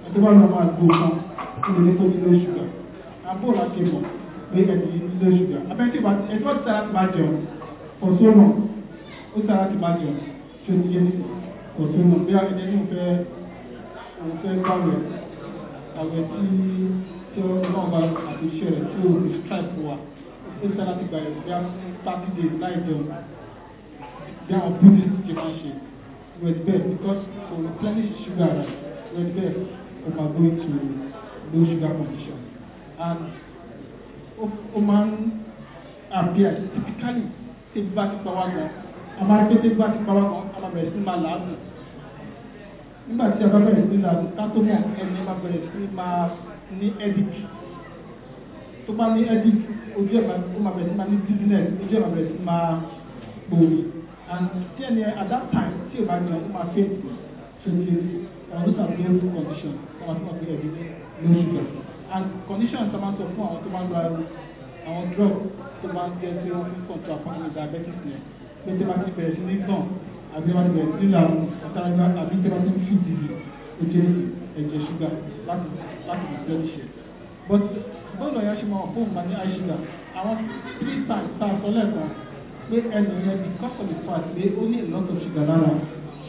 àtọ́bàlọ́ àwọn àgbòkan ìrìnlẹ̀ tó nílé ṣùgbà àbúrò láti mọ̀ pé ẹ̀dì nílé ṣùgbà abẹ́kí ẹjọ́ ti sára ti máa jẹun ọ̀sọ́nà ó sára ti máa jẹun ṣe ti yé ọ̀sọ́nà bí a ẹni fẹ́ àwọn fẹ́ gbàwẹ̀ àwẹ̀ tí tí ọlọ́run bá àti iṣẹ́ rẹ̀ tí ó fi strike wa ó sára ti gbà ẹ̀ bí a 30 days láì jẹun bí àwọn buddhist ti máa ṣe With bell because kò plenty sugar with red bell kò máa go into low sugar condition and ó máa appear typically tí bá ti pa wá gan a máa rí pé tí bá ti pa wá gan a máa bẹ̀rẹ̀ sí máa làágùn nígbà tí a bá bẹ̀rẹ̀ sí làágùn ká tó mọ̀ ẹni máa bẹ̀rẹ̀ sí máa ní headache tó bá ní headache ojú ẹ̀ máa bẹ̀rẹ̀ sí máa ní dizziness ojú ẹ̀ máa bẹ̀rẹ̀ sí máa gbòòrò and tí ẹni at that time tí o bá jẹun ó máa fẹ́ fẹ́ẹ́ àwọn ọ̀sán bí ẹrú condition wọn fún ọ̀gbìn ẹ̀bí lórí ìgbà and condition tó máa ń sọ fún àwọn tó máa ń lo àwọn drug tó máa ń jẹ́ tí wọ́n fi ń control àpamọ́ diabetes yẹn pé tí wọ́n ti bẹ̀rẹ̀ sí ní gbọ̀n àbí wọ́n ti bẹ̀rẹ̀ sí ní làwọn àtàrà àbí tí wọ́n ti ń fi dìbì ó jẹ́ ẹ̀jẹ̀ ṣúgà láti láti replenish it but bọ́ọ̀lù ọ̀yá ṣe máa fóun máa ní high sugar àwọn three times tá a sọ lẹ́ẹ̀kan pé ẹnu yẹn because of the fact pé only ní a lot of sugar lára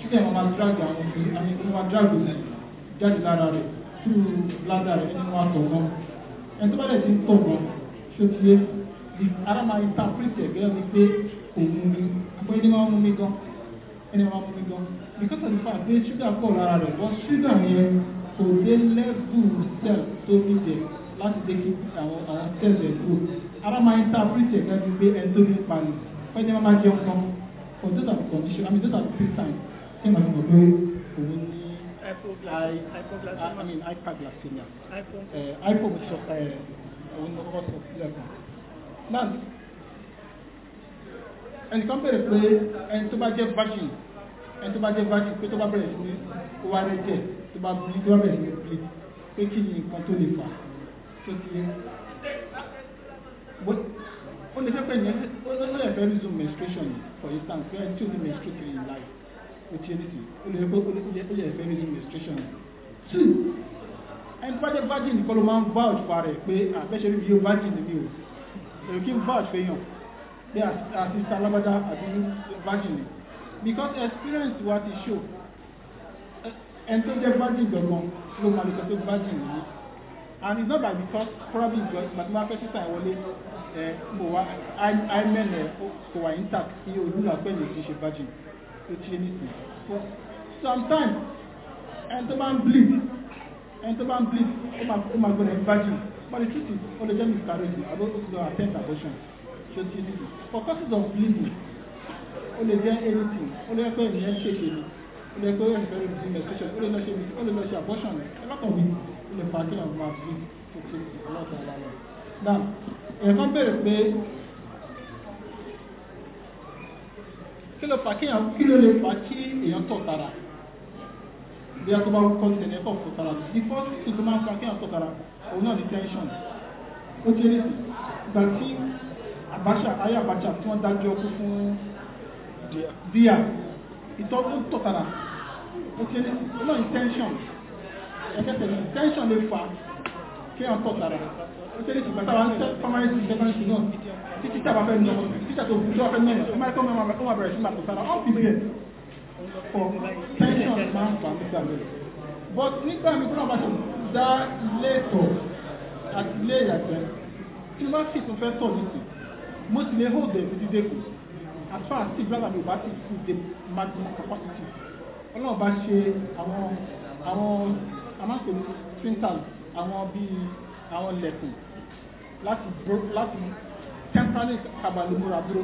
sugar yẹn máa drag àwọn fi àmì drag omi jáde lára rẹ̀ through bladder rẹ̀ ẹni wọn àtọ̀ gan ẹni tó bá dẹ̀ ti ń tọ̀ gan ṣó ti yé ara máa interpret ẹ̀ gẹ́gẹ́ pé kò mú àpò ẹni máa mú mi gan ẹni máa mú mi gan because of the fact pé sugar pọ̀ lára rẹ̀ but sugar yẹn kò dé level cell tó bí dẹ̀ láti dé kí àwọn àwọn cell rẹ̀ grow ara máa interpret ẹ̀ gẹ́gẹ́ bíi pé ẹni tó bí ń palẹ̀ wọ́n ti máa jẹun kan for those are conditions I mean those are three signs tí màá fi mọ̀ pé òun ní hypoglycemia I mean hyperglycemia eh, hypo mo ti sọ pé eh, òun ní kọ́kọ́ sọ sílẹ̀ kan now ẹnìkan bèrè pé ẹni tó bá jẹ́ virgin ẹni tó bá jẹ́ virgin pé tó bá bẹ̀rẹ̀ sí ní ó wá rẹ̀ jẹ́ tó bá bí tó bá bẹ̀rẹ̀ sí ní bí pé kí ni nǹkan tó lè fà tó ti yẹ ó lè jẹ́ pé yẹn ó lè fẹ́ resume menstruation for instance pé ẹni tí ò ní menstruate in life ó ti ẹni tì ó lè pé ó lè fẹ́ resume menstruation two ẹni tó bá jẹ́ virgin nìkan ló máa ń vouch fún ara pé àfẹ́ṣe rí yóò virgin ni mí o èrò kí n vouch fẹ́yàn pé àti sálábàdà àti virgin because experience wa ti show ẹni tó jẹ́ virgin gangan ló máa lè sọ pé virgin nìyí and it's not like because probably because mathematical system wọlé ẹ mo wá imen ẹ kò wá intact iye olúwa pẹ̀lú ti ṣe virgin tó ti ṣe nìsín but sometimes ẹni tó bá ń bleed ẹni tó bá ń bleed ó máa gbọ́dọ̀ virgin but the truth is ó lè jẹ́ miscarriage àbí ó ti lọ attempt abortion ṣe ti ṣe nìsín for causes of bleeding ó lè jẹ́ anything ó lè pẹ́ ìyẹn ṣèṣe ni ó lè pẹ́ ìyẹn ṣèṣe ó lè lọ ṣe abortion ẹ lọ́kàn mi ó lè fa kí àwọn máa fi òkè ọlọ́ta ara rẹ̀ náà ẹ̀kan bèèrè pé kí ló fà kí ló lè fà kí èèyàn tọ̀ tara bí a tó bá kọ́ ti ẹ̀yẹ́ kọ̀ fún tara the first thing tó máa ń kí èèyàn tọ̀ tara òun náà ni tension ó ti rí sí ìgbà tí Abacha ayé Abacha tí wọ́n dájọ́ kú fún díà ìtọ́jú tọ̀ tara ó ti rí sí ó náà ni tension ẹ̀kẹ́tẹ̀lẹ̀ tension lè fa kí wọ́n tọ̀ sára nítorí ṣùgbọ́n táwọn primary school secondary school náà tí títà bá fẹ́ nọ títà tó gbùdọ́ fẹ́ nọ ọmọ ẹ̀kọ́ mẹ́wàá mẹ́kọ́ wà bẹ̀rẹ̀ sí màtọ̀ sára ọ́n fi bẹ̀rẹ̀ for tension máa ń fà nígbà mẹ́rin but nígbà mi tó náà bá ṣe dá ilé ìtọ̀ àti ilé ìyàgbẹ́ tí wọ́n sì tún fẹ́ tọ̀ nìkì mo sì lè hold them títí dẹ́kù as far as tí brother mi ò ti full the maximum capacity ọlọ́run bá ṣe àwọn àwọn a máa ń pè ní spintal àwọn bíi àwọn lẹ̀kùn láti láti temporary kábàlì múra dúró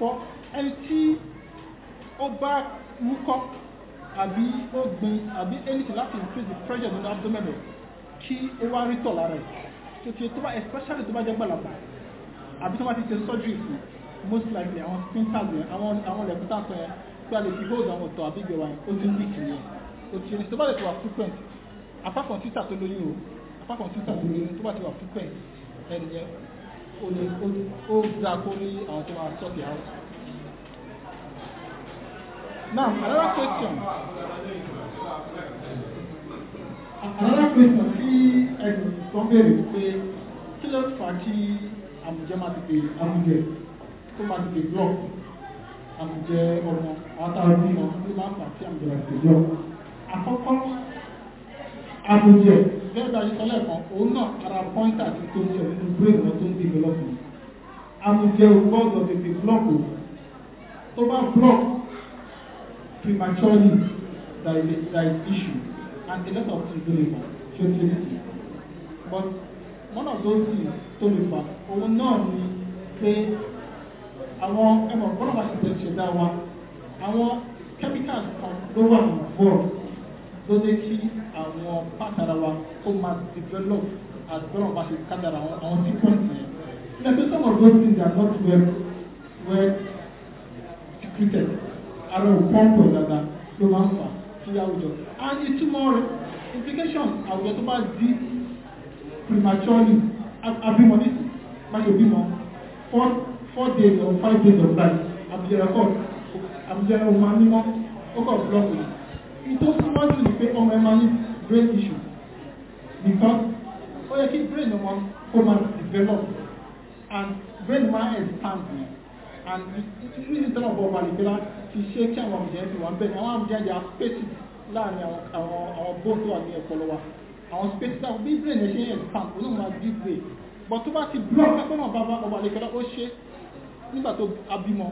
fọ́ ẹni tí ó bá wúkọ́ àbí ó gbin àbí anything láti increase the pressure nínú abdomen rẹ̀ kí ó wá rí tọ̀ lára rẹ̀ tó ti tó bá especially tó bá jẹ́ gbàlagbà àbí tó bá ti ṣe surgery fún most likely àwọn spintal yẹn àwọn àwọn lẹ̀kùn tàǹtàn yẹn pé a lè fi hold àwọn ọ̀tọ̀ àbí ìgbẹ̀wà yẹn ó ti ń weak nìyẹn ó ti ń ṣe tó bá lè fi wà frequent apart from títà tó lóyún o apart from títà tó lóyún tó bá ti wà fúnpẹ̀ ẹni yẹn ó ní ó dáa kó ní àwọn tó máa sort it out. now another question. another question tí ẹnì kan béèrè pé kí ló fà á kí àmùjẹ máa ti pè àmùjẹ tó máa ti pè block àmùjẹ ọmọ àwọn tá a bí wọn ló máa fà kí àmùjẹ máa ti pè block. àkọ́kọ́ àbùjẹ gẹ́gẹ́ bá ṣe sọ lẹ́ẹ̀kan òun náà ara pọ́ńtà sí tó ń ṣe nínú brain wọn tó ń develop àbùjẹ ò gbọ́dọ̀ tètè block o tó bá block prematurely that is, that is issue and a lot of things do labour ṣe ti but one of those things tó lè fà òun náà ni pé àwọn ẹmọ bọ́lá bá ṣe tẹ̀ ṣẹ̀dá wa àwọn chemicals kan ló wà involved ló jẹ́ kí àwọn pàtàkì wa ó máa develop as well as the kádàrà àwọn different yẹn. Ẹgbẹ́ some of those things are not well well secreted. Àrẹ òpọ́npọ̀ dada ló máa ń fà sí àwùjọ. And ìtumọ̀ rẹ̀ implication àwùjọ tó bá di prematurely abímọ ní máṣe bímọ four four days or five days of life àbújá ẹ̀kọ́ àbújá ẹ̀kọ́ máa ń mímọ́ ó kọ̀ blọ́ọ̀kì ìtò túmọ̀ jù ní pé ọmọ ẹ máa ní brain issue because ó yẹ kí brain wọn kó máa develop and brain máa expand ní and reason tọ́nà bọ̀ wà nígbẹ́lá ti ṣe kí àwọn àmì ẹ̀sìn wọn bẹ́ẹ̀ àwọn àmì ẹ̀yà space, láàrin àwọn bóńtò wà ní ọpọlọ wa àwọn spaces àwọn bí brain ẹ̀ ṣe expand ó náà máa give way but tó bá ti block ẹgbẹ́nà bàbá ọba àlekẹ́lá ó ṣe nígbà tó abímọ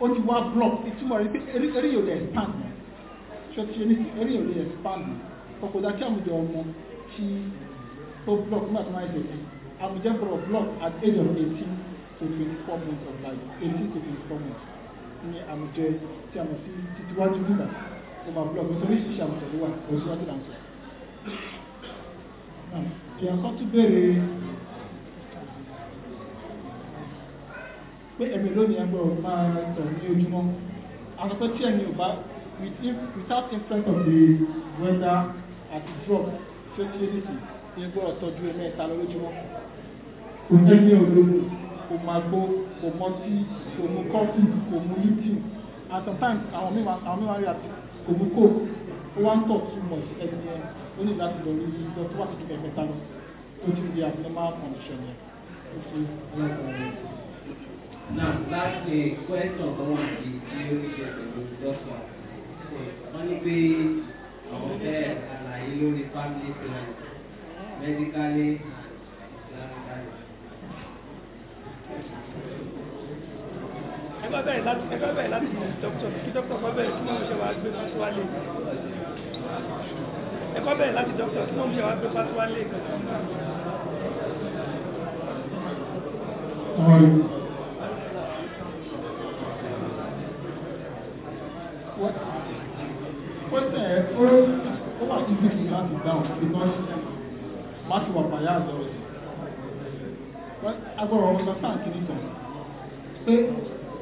ó ti wá block ìtumọ̀ rẹ̀ pé eré yóò lè expand tó ti ní eré òní expand ọkọ̀ dá kí àwùjọ ọmọ tí ó block nígbà tó máa ń tètè àwùjọ bọ̀rọ̀ block at age of eighteen to twenty four months of life eighteen to twenty four months ní àwùjọ tí a mọ̀ sí títúwájú nígbà ó máa block nítorí ìṣiṣẹ́ àwùjọ ló wà òṣìṣẹ́ tó là ń sọ. ìyá kan tún béèrè pé ẹ̀mí lónìí ẹgbẹ́ ò máa tọ̀ ní ojúmọ́ àti pé tí ẹ̀mí ò bá with without influence of the weather àti drug fertility ní gbọ́dọ̀ tọ́jú ẹ̀ mẹ́ta lójúmọ́ kò jẹ́ ní olóògùn kò máa gbó kò mọtí kò mu kọfí kò mu lítìm and sometimes àwọn mímọ àwọn mímọ rẹ àti kò mu kó ó wá ń tọ̀ too much ẹni yẹn ó ní láti lọ rí dọ́tí wà síbi ẹ̀mẹ́ta lọ ó ti di abnormal condition yẹn ó ṣe ọlọ́pàá rẹ. now last eh, question kan wà ní tí ó ṣe pẹ̀lú dọ́tí wà wọ́n ní pé àwọn bẹ́ẹ̀ àlàyé lórí family planning medically ẹgbẹ́ bẹ̀rẹ̀ láti ẹgbẹ́ bẹ̀rẹ̀ láti dọ́kítọ̀ kí dọ́kítọ̀ kọ́ bẹ̀rẹ̀ kí wọ́n ṣe wá gbé fásitì wálé ẹkọ́ bẹ̀rẹ̀ láti dọ́kítọ̀ kí wọ́n ṣe wá gbé fásitì wálé gan What? pẹ́sẹ̀ ó ó wà sí bìkì láti dáhùn because máṣe wà bàyà àzọ̀rọ̀ agbọ́rọ̀ understand kìíní kan pé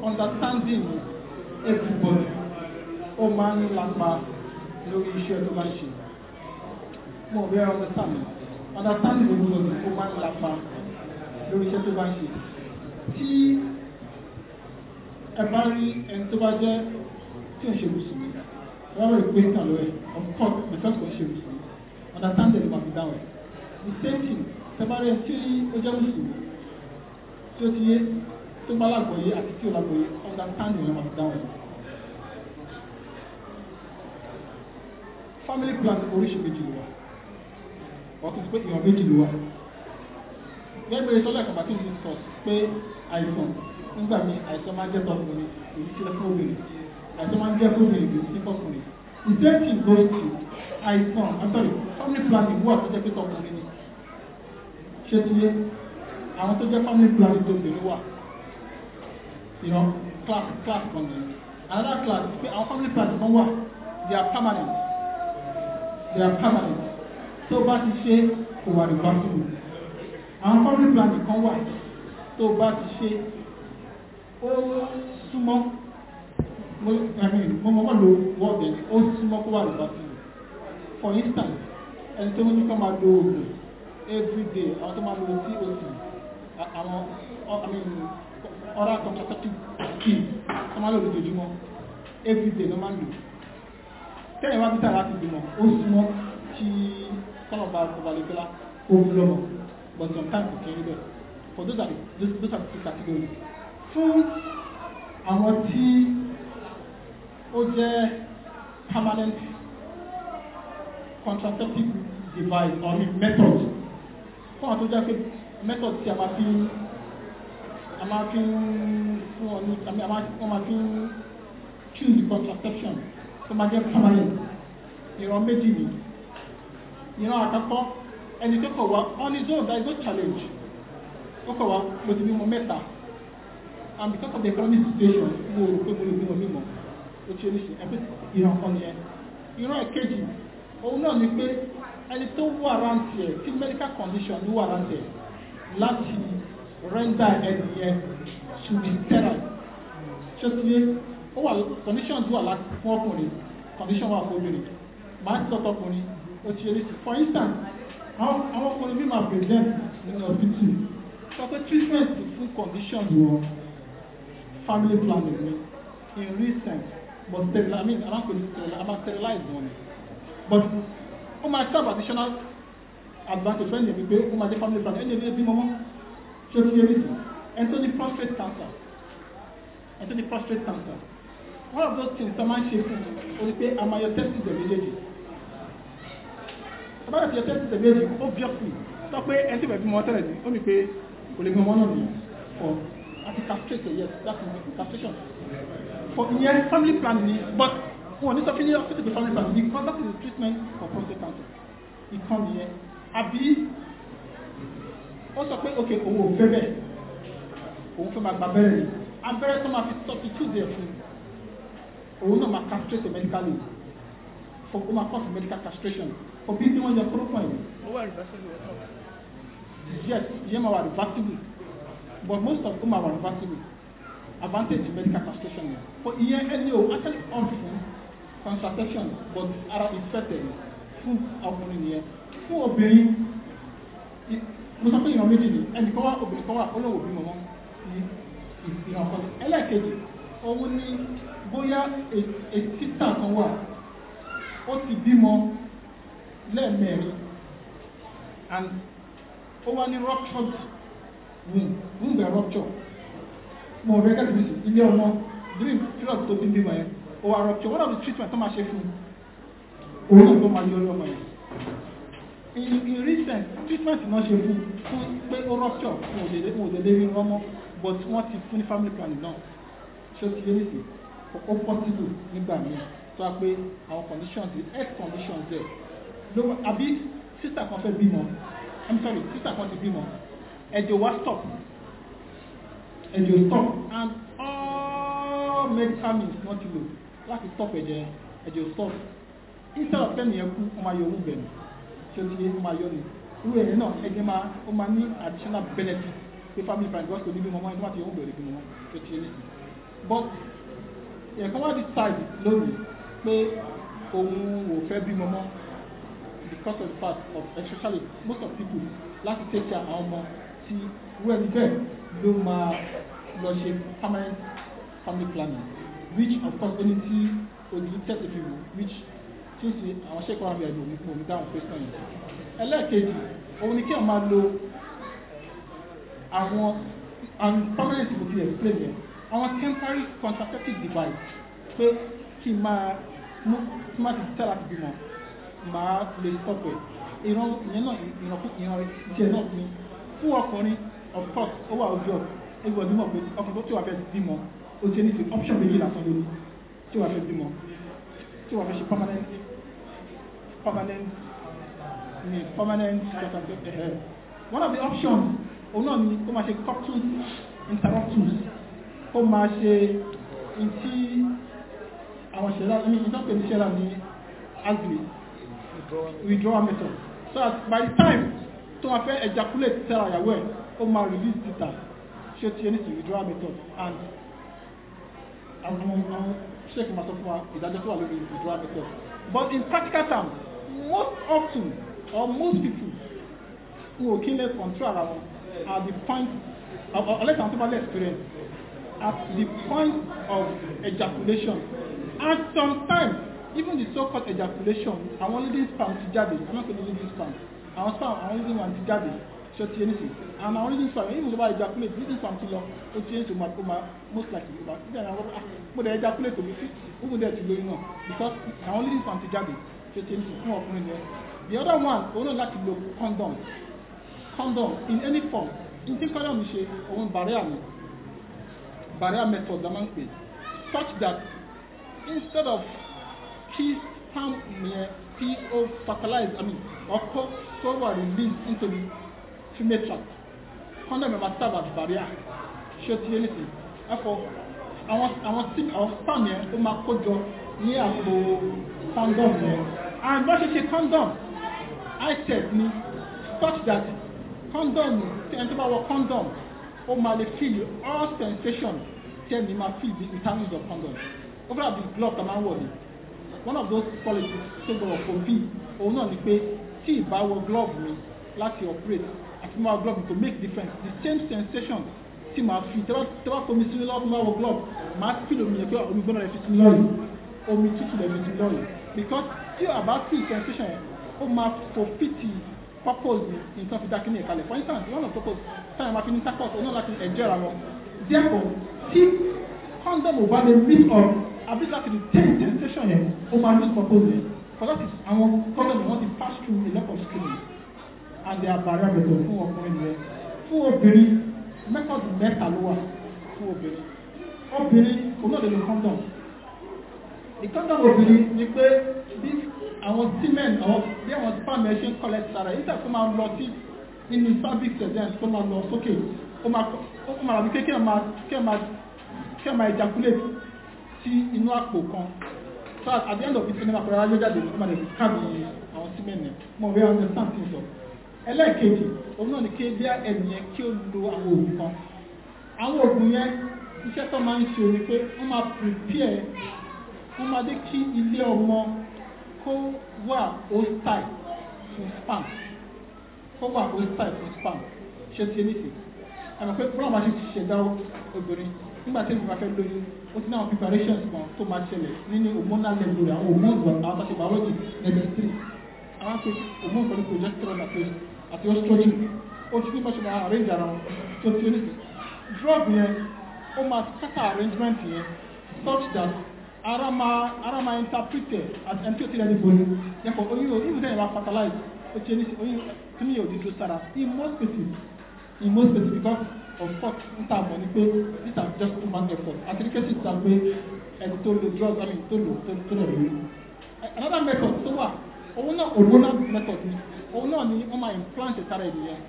understanding everybody ó máa ń lapa lórí iṣẹ́ tó bá ń ṣe mo rí understand understanding everybody ó máa ń lapa lórí iṣẹ́ tó bá ń ṣe tí ẹ bá rí ẹni tó bá one request and of course the first question is understand the ìwà ìdáwọ the same thing tẹbárẹ tí ó jẹ́ mùsùlùmí tí ti yé tó bá àti tí understand family plan oríṣi méjì ló wà ọkùn sí pé èèyàn méjì ló wà gbẹgbẹrẹ sọlá ìkàmà tí mo discuss pé àìsàn nígbà àìsàn àti wọ́n jẹ́ fún ìrìnbí sí fọ́kùnrin the same thing goes to àìsàn i'm sorry family planning wà tó jẹ́ pé tọkùnrin ni ṣé ti yé àwọn tó jẹ́ family planning to bèrè what. you know class class kan nìyẹn another class is pé family planning kan what? they are permanent they are permanent So bá ti ṣe kò wà reversible àwọn family planning kan what? So bá ti ṣe ó súnmọ́ mo mọ̀ lo wọ́ọ̀bẹ̀ ó súnmọ́ kó wà lọ́pàá for instance ẹni tó ní kọ́ máa lo oògùn everyday àwọn tó máa lo TOC àwọn oral contraceptive pills tó máa lò lójoojúmọ́ everyday ló máa lò tẹ́yìn wá bítà láti bímọ ó súnmọ́ kí kọ́lọ̀bà ọbalẹ̀gbẹ́lá ohun lọ́mọ but sometimes kò kéré bẹ́ẹ̀ for those are the two categories fún àwọn tí ó jẹ́ permanent contraceptive device or method fún àwọn tó jẹ́ pé method tí a máa fi a máa fi fún ọ ní a máa fi choose contraception tó máa jẹ́ permanent ìran méjì ni ìran àkọ́kọ́ ẹni tó kọ̀ wá on his own that is no challenge ó kọ̀ wá mo ti bímọ mẹ́ta and because of the economic situation mo rò pé mo lè bímọ mímọ́ oṣooṣi ẹgbẹ́ ìrànkan yẹn ìran ìkejì òun náà ni pé ẹni tó wà rántí ẹ̀ tí medical condition ló wà rántí ẹ̀ láti rẹ́ńdà ẹni yẹn to be sterile condition wà treatment fún condition wọn family planning in recent but sterilize. I mean, I'm not going to sterilize, I'm not sterilized one. But ó máa have additional advantage when ẹ̀yẹ̀ wípé ó máa jẹ́ family planning ẹ̀yẹ̀ bímọ mọ́ just ti yé nìsín ẹni prostate cancer ẹni tó prostate cancer one of those things tá a máa ń ṣe Am I ní pé a máa yọ testis the méjèèjì tá a bá testis ẹ̀ méjèèjì obviously sọ pay ẹni tó bẹ̀ bímọ tẹ́lẹ̀ ní ó ní pé kò lè bímọ náà for àti castrate yes that's the castration ìyẹn family planning but wọn ò ní sọ fún family planning because that is the treatment for prostate cancer ìkan come here, ó Also, pé ok òun ò fẹ́ bẹ́ẹ̀ òun fẹ́ máa gba abẹ́rẹ́ ni abẹ́rẹ́ tó máa fi substitute ẹ̀ fún òun náà máa castrate medically for ó máa cause medical castration òbí tí wọ́n yẹ kúrò fún ẹ̀. ó reversible yes ìyẹn máa wà reversible but most of them are reversible advantage medical consultation yẹn for ìyẹn ẹni o actually on fún contraception but ara ìfẹ́tẹ̀ fún ọkùnrin nìyẹn fún obìnrin mo sọ pé ìran méjì ni ẹnì kan wá obìnrin kan wà olówó bímọ mọ ìran kan ní ẹlẹ́ẹ̀kejì òun ni bóyá títà kan wà ó ti bímọ lẹ́ẹ̀mẹ́rin and ó wá ní ruptured womb womb rupture mo rẹ kẹsì bísí ilé ọmọ dream trust tó bí bímọ yẹn o wa rupture one of the treatment tó máa ṣe fún un òun náà tó máa yọrí ọmọ yẹn in in recent treatment náà ṣe fún fún pé ó rupture fún òdèdè fún òdèdè rí but wọ́n ti fún ní family planning náà ṣé o ti yé nìsín ó possible nígbà míì tó a pé àwọn conditions the health conditions there ló àbí sister kan fẹ́ bímọ i'm sorry sister kan ti bímọ ẹ̀jẹ̀ wa stop and you stop and all medical means not to know láti stop ẹ̀jẹ̀ ẹ̀jẹ̀ ò stop instead of kẹ́mi yẹn kú ọmọ ayọ̀ owó bẹ̀rẹ̀ tí ó ti yé ọmọ ayọ̀ ni irú ẹ̀yìn náà ẹ̀jẹ̀ máa ó máa ní additional benefit pé family plan gbọ́sọ̀ níbi mọ́mọ́ ẹni tó bá ti yọ owó bẹ̀rẹ̀ bí mọ́mọ́ tó ti yé nìyí but ẹ̀kan wá decide lónìí pé òun ò fẹ́ bí mọ́mọ́ because of the fact of especially most of people láti take care àwọn ọmọ tí wẹ́n bẹ́ẹ̀ ló máa lọ Family, family planning which of course ó ní tí odi tẹ̀sí fi wò which tí ó sì àwọn ṣẹ́kọ̀ọ́ àmì ẹ̀dùn òmìnkú omi dáhùn question yìí ẹlẹ́ẹ̀kejì òun ni kí wọ́n máa lo àwọn and permanent mo ti explain yẹn àwọn temporary contraceptive device pé kí n máa mú tí má ti tẹ́lá ti bímọ máa lè stop ẹ̀ ìran ìyẹn náà ìran ìran ìjẹ náà ni fún ọkùnrin of course ó wà obvious everybody mọ̀ pé ọkùnrin tó tí wà fẹ́ bímọ ó ti ní ti option méjì lásán lórí tí wà fẹ́ bímọ tí wà fẹ́ ṣe permanent permanent ni permanent eh, one of the options òun náà ni ó máa ṣe couples interruptus ó máa ṣe ntí àwọn ṣẹlá ní ìtọ́pẹ̀ ṣẹlá ní asli withdrawal method so that by the time tó wà fẹ́ ejaculate tẹ́ra ìyàwó ẹ̀ ó máa release títà ṣé ti ẹni sí withdrawal method and àwọn àwọn sheik máa sọ fún wa ìdájọ́ tó wà lórí withdrawal method but in practical terms most often or most people who ò kí lè control ara wọn at the point unless àwọn tó bá lè experience at the point of ejaculation and sometimes even the so-called ejaculation àwọn leading sperm ti jáde I'm not ní leading sperm àwọn sperm àwọn leading one ti jáde ṣé o ti yé nísìnyí and àwọn reason farm even tó bá ejaculate reason farm ti lọ o ti yé nísìnyí o ma most likely o ma síbẹ̀ àwọn ọ̀rọ̀ ah mo dẹ̀ ejaculate omi sí ogun dẹ̀ ti lóyún náà because àwọn reason farm ti jáde ṣé o ti yé nísìnyí fún ọkùnrin yẹn the other one òun náà láti lo condom condom in any form n tí condom ṣe òun barrier ni barrier method la máa ń pè such that instead of kí sperm yẹn kí o fertilize i mean or kó kó wà released into female trap condom number serve as barrier ṣé o ti yé nísìnyí ẹ̀fọ́ àwọn àwọn sim àwọn spam yẹn ó máa kó jọ ní àpò condom yẹn and bá ṣe ṣe condom itech ni such that condom ẹni tó bá wọ condom ó máa lè feel all sensations tẹ́ni máa feel the use of condom over the glove tá a ni one of those policies, tó gbọ́dọ̀ kò bí òun náà ni pé tí ìbá wọ glove mi láti operate àti máa glove to make difference the same sensation tí màá fi tẹ́wá fomi sí lọ́wọ́ máa wọ glove màá feel omi yẹn pé omi gbọ́dọ̀ rẹ̀ fi sí lọ́yìn omi tútù rẹ̀ fi sí lọ́yìn because tí o bá feel sensation yẹn ó máa forfeit purpose nǹkan fi dákínì ìkàlẹ̀ for instance one of purpose táwọn máa fi ní intercourse ọ̀nà láti ẹ̀jẹ̀ ra wọn therefore tí condom ò bá lè meet up àbí láti retain sensation yẹn ó máa lose purpose yẹn for that is àwọn condom wọn ti pass through a lot of screening and their parameter fún ọkùnrin yẹn fún obìnrin method mẹ́ta ló wà fún obìnrin obìnrin kò náà lè lo condom the condom obìnrin ni pé bí àwọn semen àwọn bí àwọn sperm ẹ ṣe ń collect sára yìí tẹ̀ kó máa lọ sí inú cervix exam tó máa lọ sókè ó máa ràbí kéèké máa ejaculate sí inú àpò kan so at the end of the cinema pẹ̀lú ayé jáde ó máa lè káàbì àwọn semen yẹn mo rí understand things of ẹlẹ́ẹ̀kejì òun náà ni kí bí ẹnìyẹn kí ó lo àwọn òògùn kan àwọn òògùn yẹn iṣẹ́ tó máa ń ṣe ni pé wọ́n máa prepare wọ́n máa dé kí ilé ọmọ kó wà hostile fún spam kó wà hostile fún spam ṣe ti nífi àmọ́ pé wọ́n máa ṣe ṣẹ̀dá obìnrin nígbà tí ìgbà fẹ́ lóyún ó ti ní àwọn preparations kan tó máa ṣẹlẹ̀ nínú hormonal level rẹ̀ àwọn hormones àwọn tó ṣe biology level three àwọn pé hormones kan ní progesterone àti àti oestrogen ó ti ní bá ṣe lè arrange ara wọn tó ti ní drug yẹn ó máa scatter arrangement yẹn such that ara ma ara ma interpret as ẹni tí ó ti rẹ̀ níbo ni yẹ́pọ̀ oyún o even then you are fertilized ó ti ní oyún tí mi ò di dúró in most cases in most cases because of course n ta mọ̀ ni pé these are just human efforts àti ní cases ta pé ẹni tó lo drug I mean tó lo tó lọ lórí another method tó wà òun náà hormonal method ni òun náà ni wọ́n máa implant sára ènìyàn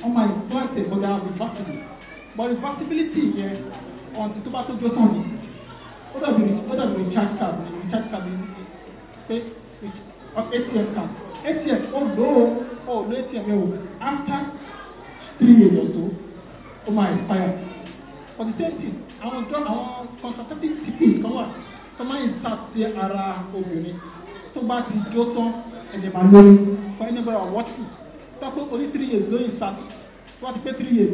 wọ́n máa implant bóyá reversible but reversibility yẹn ọ̀ǹtí tó bá tó jó tán ni ó dàbí ó dàbí recharge card ni recharge card ni pé atm card atm ó lò ó lò atm yẹn o after three years or so ó máa expire for the same thing àwọn drug àwọn contraceptive pills kan wà tó máa ń sàtì ara obìnrin tó bá ti jó tán ẹ̀jẹ̀ máa lóyún for anybody or watch food tó pé oní three years lóyún start tó bá ti pé three years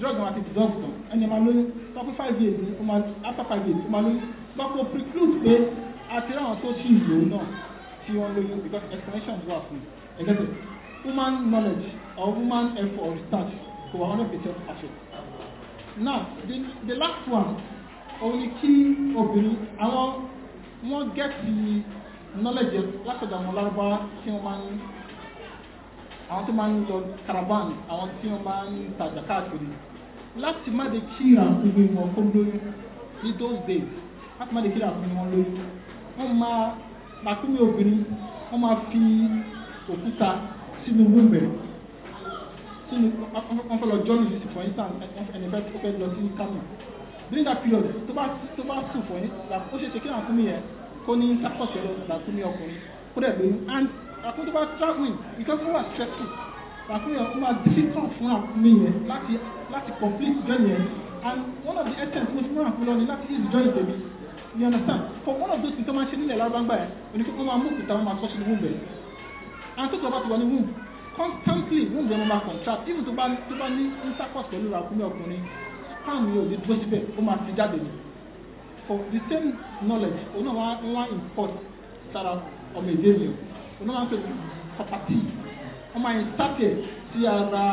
drug wọn àti deduct tán ẹ̀jẹ̀ máa lóyún tó pé five years ni after five years ó máa lóyún tó kò preclude pé àti ráwọn tó ṣì lò ó náà tí wọ́n lóyún because explanation wà fún ẹ̀gẹ́dẹ̀ Woman knowledge or woman effort or research kò wà hundred percent accurate. now the the last one òun ni kí obìnrin àwọn wọ́n gẹ́tì knowledge látọ̀dọ̀ àwọn lárúbáwá tí wọ́n máa ń àwọn tó máa ń lọ caravan àwọn tí wọ́n máa ń tajà káàkiri láti má de kí ìràkúnmí wọn kó lóyún ní those days láti má de kí ìràkúnmí wọn lóyún wọ́n máa ràkúnmí obìnrin wọ́n máa fi òkúta sínú wúmẹ̀ sínú wọ́n fẹ́ lọ jọ́nù sí for instance ẹni fẹ́ fẹ́ lọ sí Kánò during that period tó bá sùn for instance ó ṣe ṣe kí ìràkúnmí yẹn ó ní sápọ̀sì ọ̀dọ̀ ràkúnmí ọkùnrin ó dẹ̀ lóyún and ràkúnmí tó bá traveling because ó wà stressful ràkúnmí ó máa difficult fún ràkúnmí yẹn láti láti complete journey yẹn and one of the essence mo fi mú ràkúnmí lọ ni láti ease journey tèmi you understand for one of those things tó máa ń ṣe nílẹ̀ lárúbáńgbà yẹn oníkókó máa mú òkúta wọn máa sọ sínú womb bẹ́ẹ̀ and tó tó bá ti wọ ní womb constantly womb yẹn máa contract even tó bá ní intercourse pẹ̀lú ràkúnmí ọkùnrin sperm yẹn ò ní dúró síbẹ̀ ó máa ti jáde ni of the same knowledge ono wa wa import sára ọmọ èdè ènìyàn òun náà wọ́n á pè ní pàtàkì wọ́n máa insert ẹ̀ sí ara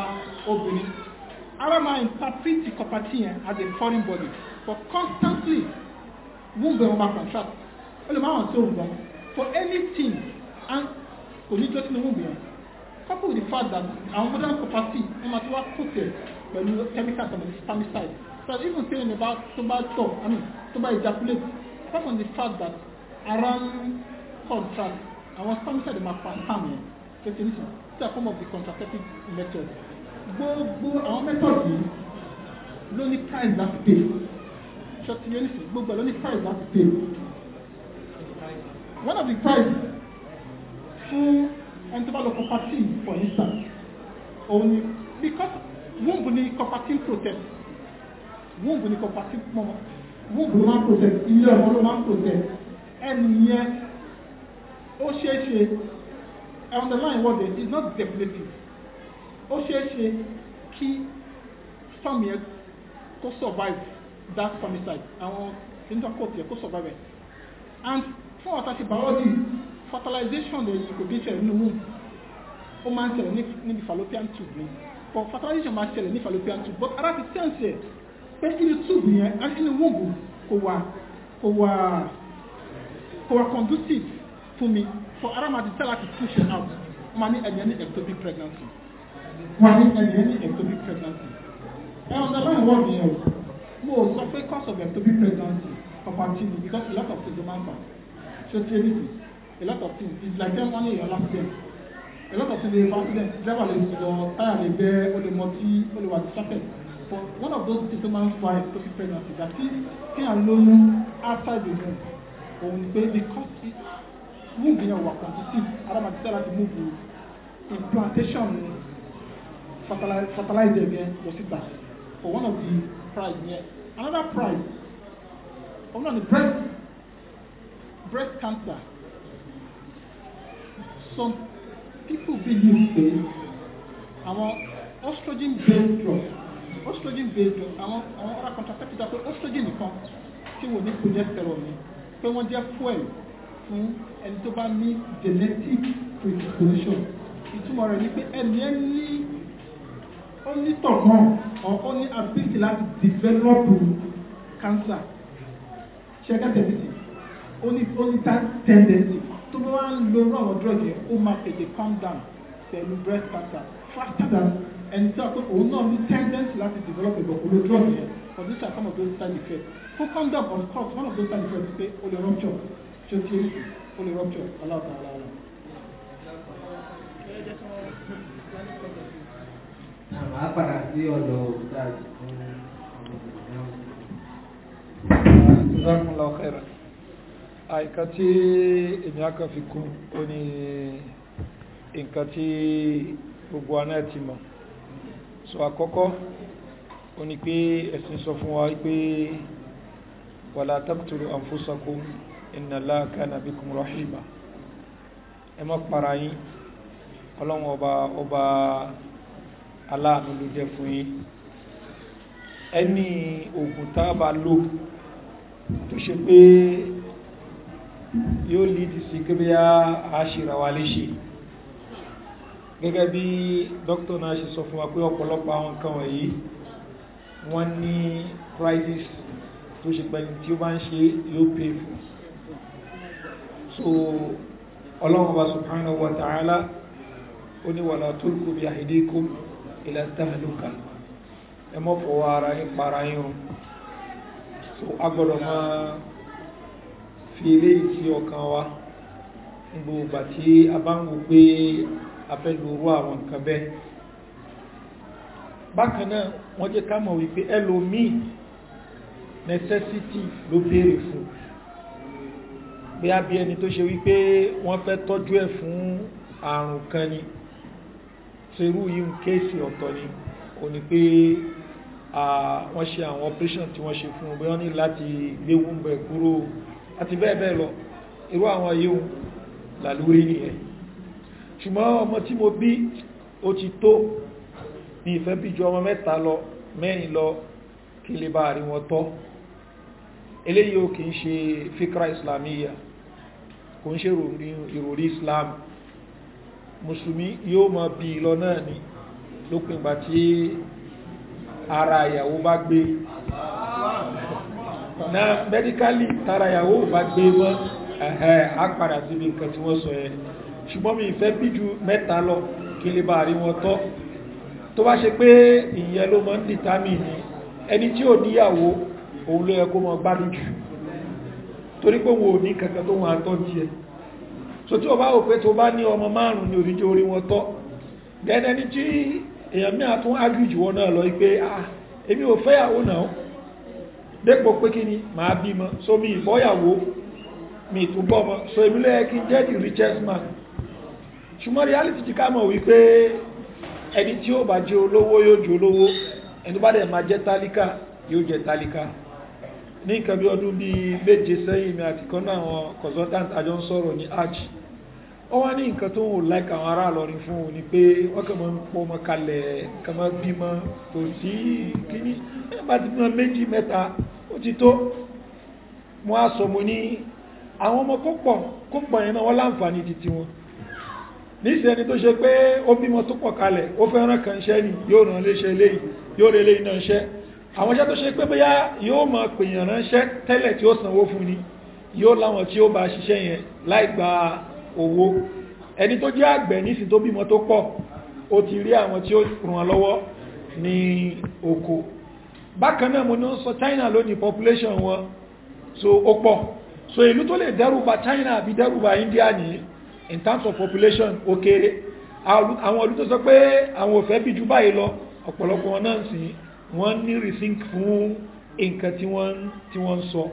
obìnrin ara máa interpret property yẹn as a foreign body but constantly wọ́n bẹ̀rẹ̀ wọn máa contract ó lè máa hàn sí òun for anything and kò ní tó sínú wọ́n bẹ̀rẹ̀ couple with the fact that our modern property wọ́n máa ti wá kó tẹ̀ pẹ̀lú chemical and spermicide So even saying about sober talk, I mean, sober ejaculate, come on the fact that around contract, I was sponsored in my family, definition, it's a form of the contraceptive method. Gbogbo àwọn mẹ́tọ̀dì ló ní price láti pay. Ṣọ́tí yẹn nìsín gbogbo ló ní price láti pay. One of the price fún ẹni tó bá for instance, òun ni because womb ni copper tea protect womb ni compatible mọ́mọ́ womb ló máa ń protect ilé ọmọ ló máa protect ẹni yẹn ó ṣeé ṣe on the line word is not definitive ó ṣeé ṣe kí farm yẹn kó survive that fungicide àwọn clinical coat yẹn kó survive it and fún ọ̀tá ṣe biology fertilization èyí kò kí ń ṣẹlẹ̀ nínú womb ó máa ń ṣẹlẹ̀ níbi fallopian tube ni for fertilization máa ṣẹlẹ̀ ní fallopian tube but ara ti sense it pé kí ni tube yẹn á kí ni wọ́ọ̀bù kò wà conducive fún mi for Aramadi máa ti tẹ́lá ti push it out wọ́n ní ẹ̀yẹ́ ní ectopic pregnancy wọ́n ní ẹ̀yẹ́ ní ectopic pregnancy ẹ̀ ọ̀dọ̀ láì wọ́n mi yẹn o mo sọ pé cause of ectopic pregnancy opportunity because a lot of things man far so ti ẹni sìn a lot of things it's like ten money your last day a lot of things dey pass them driver lè sùn lọ táyà lè bẹ́ ó lè mọtí ó lè wà distracted For one of those things tó máa ń fa ectopic pregnancy that is kí à ń lóyún outside the womb òun ni pé because womb yẹn wà conducive alábàtí sẹ́la ti move implantation fertilizer yẹn lọ síta for one of the prize here, another prize òun náà ni breast breast cancer some people believe pé our estrogen based drugs estrogen based on àwọn àwọn ọ̀rá contraceptive pé estrogen nìkan tí wò ní progesterone ni pé wọ́n jẹ́ fuel fún ẹni tó bá ní genetic predisposition ìtumọ̀ rẹ̀ ni pé ẹni ẹ ní ó ní tọ̀gbọ́n ó ní ability láti develop cancer ṣẹ́gẹ́tẹ̀mítì ó ní ó ní that tendency tó bá wà ń lo irú àwọn drug yẹn ó máa tètè calm down pẹ̀lú breast cancer faster than ẹni tí a pé òun náà ní tendency láti develop ìgbọ̀kúlò drug yẹn condition some of those side effects for condom of course one of those side effects pé o lè rupture ṣé tí o lè rupture aláàtà ara rẹ. àmọ́ a padà sí ọ̀dọ̀ dáàbò fún ọmọ ìgbà náà àìkà tí èmì aka fi kún ó ní nǹkan tí gbogbo aná ti mọ̀ so àkọ́kọ́ o ní pé ẹ̀sìn sọ fún wa pé wala taqtulu anfusakum inna Allaha kana bikum rahima ẹ má para yín ọlọ́run ọba ọba aláàánú ló jẹ́ fún yín ẹni oògùn tá lò tó ṣe pé yóò lídìí sí kébíyá àṣìra léṣe gẹ́gẹ́ bí dr náà ṣe sọ fún wa pé ọ̀pọ̀lọpọ̀ àwọn nǹkan wọ̀nyí wọ́n ní prices tó ṣe pẹ̀lú tí ó bá ń ṣe yóò pay fún so ọlọ́run ọba subhanahu wa ta'ala ó ní wàlá tulku bi aydikum ila tahluka ẹ mọ́ fọwọ́ ara yín para yín o so a gbọ́dọ̀ máa fi eléyìí sí ọkàn wa gbogbo ìgbà tí a bá pé afẹ́lúrú àwọn nǹkan bẹ́ẹ̀ bákanáà wọ́n jẹ́ ká mọ̀ wípé ẹlòmíì necessity ló béèrè fún bí a bí ẹni tó ṣe wípé wọ́n fẹ́ tọ́jú ẹ̀ fún àrùn kan ni serú yìí kéèsì ọ̀tọ̀ ni o ní pé wọ́n ṣe àwọn operation tí wọ́n ṣe fún un wọ́n ní láti gbé kúrò àti bẹ́ẹ̀ bẹ́ẹ̀ lọ irú àwọn yìí làlúrí nìyẹn ṣùgbọ́n ọmọ tí mo bí ó ti tó ní ìfẹ́ bí ju ọmọ mẹ́ta lọ mẹ́rin lọ kí lè bá rí wọn tọ́ eléyìí ò kì í ṣe fikra islamiyya kò ń ṣe ìròrí islam mùsùlùmí yóò máa bí lọ náà ni lópin ìgbà tí ara ìyàwó bá gbé na mẹ́díkálì tara ìyàwó bá gbé wọ́n àpàdà síbi nǹkan tí wọ́n sọ yẹn ṣùgbọ́n mi ìfẹ́ bí ju mẹ́ta lọ kí lè bá rí wọn tọ́ tó bá ṣe pé ìyẹn ló mọ́ ń dìtámì ní ẹni tí ò níyàwó òun ló yẹ kó mọ́ gbádùn jù torí pé wo ní kankan tó wọn àtọ́ díẹ̀ so tí o bá wò tó bá ní ọmọ márùn-ún ní oríjì orí wọn tọ́ gẹ́gẹ́ ní tí èèyàn mí àtún ágìjì wọn náà lọ pé ah èmi ò fẹ́yàwó náà dépò pé kí ni màá bímọ so mi ìbọ́yàwó mi ìtúbọ́mọ so èmi ló kí n jẹ́ the richest man ṣùgbọ́n reality ti ká mọ̀ wípé ẹni tí ó bá jẹ́ olówó yóò jẹ́ olówó ẹni bá dẹ̀ máa jẹ́ tálíkà yóò jẹ́ tálíkà ní nǹkan bí ọdún bíi méje sẹ́yìn mi àti kan náà àwọn consultant àjọ ń sọ̀rọ̀ ní arch wọ́n wá ní nǹkan tó ń wò láìka àwọn ará Ìlọrin fún òun ni pé wọ́n kàn máa ń pọ́ ọmọ kalẹ̀ kàn máa bímọ kò sí kíní bá ti bímọ méjì mẹ́ta ó ti tó mo á sọ mo ní àwọn ọmọ kó pọ̀ kó pọ̀ yẹn náà wọ́n láǹfààní titi wọn níṣẹ́ ẹni tó ṣe pé ó bímọ tó pọ̀ kalẹ̀ ó fẹ́ràn kan iṣẹ́ ni yóò ràn léṣe léyìí yóò rẹ̀ léyìí náà iṣẹ́ àwọn iṣẹ́ tó ṣe pé bóyá yóò mọ̀ pèèyàn ránṣẹ́ tẹ́lẹ̀ tí ó sanwó fún ni yóò láwọn tí ó bá ṣiṣẹ́ yẹn láì gba owó ẹni tó jẹ́ àgbẹ̀ nísìn tó bímọ tó pọ̀ ó ti rí àwọn tí ó ràn lọ́wọ́ ní oko bákan náà mo ní sọ China ló population wọn so ó pọ̀ so ìlú tó lè dẹ́rùbà China àbí India nìyí in terms of population ó kéré àwọn olú tó sọ pé àwọn òfẹ́ bí ju báyìí lọ ọ̀pọ̀lọpọ̀ wọn náà sì wọ́n ní rethink fún nǹkan tí wọ́n tí wọ́n sọ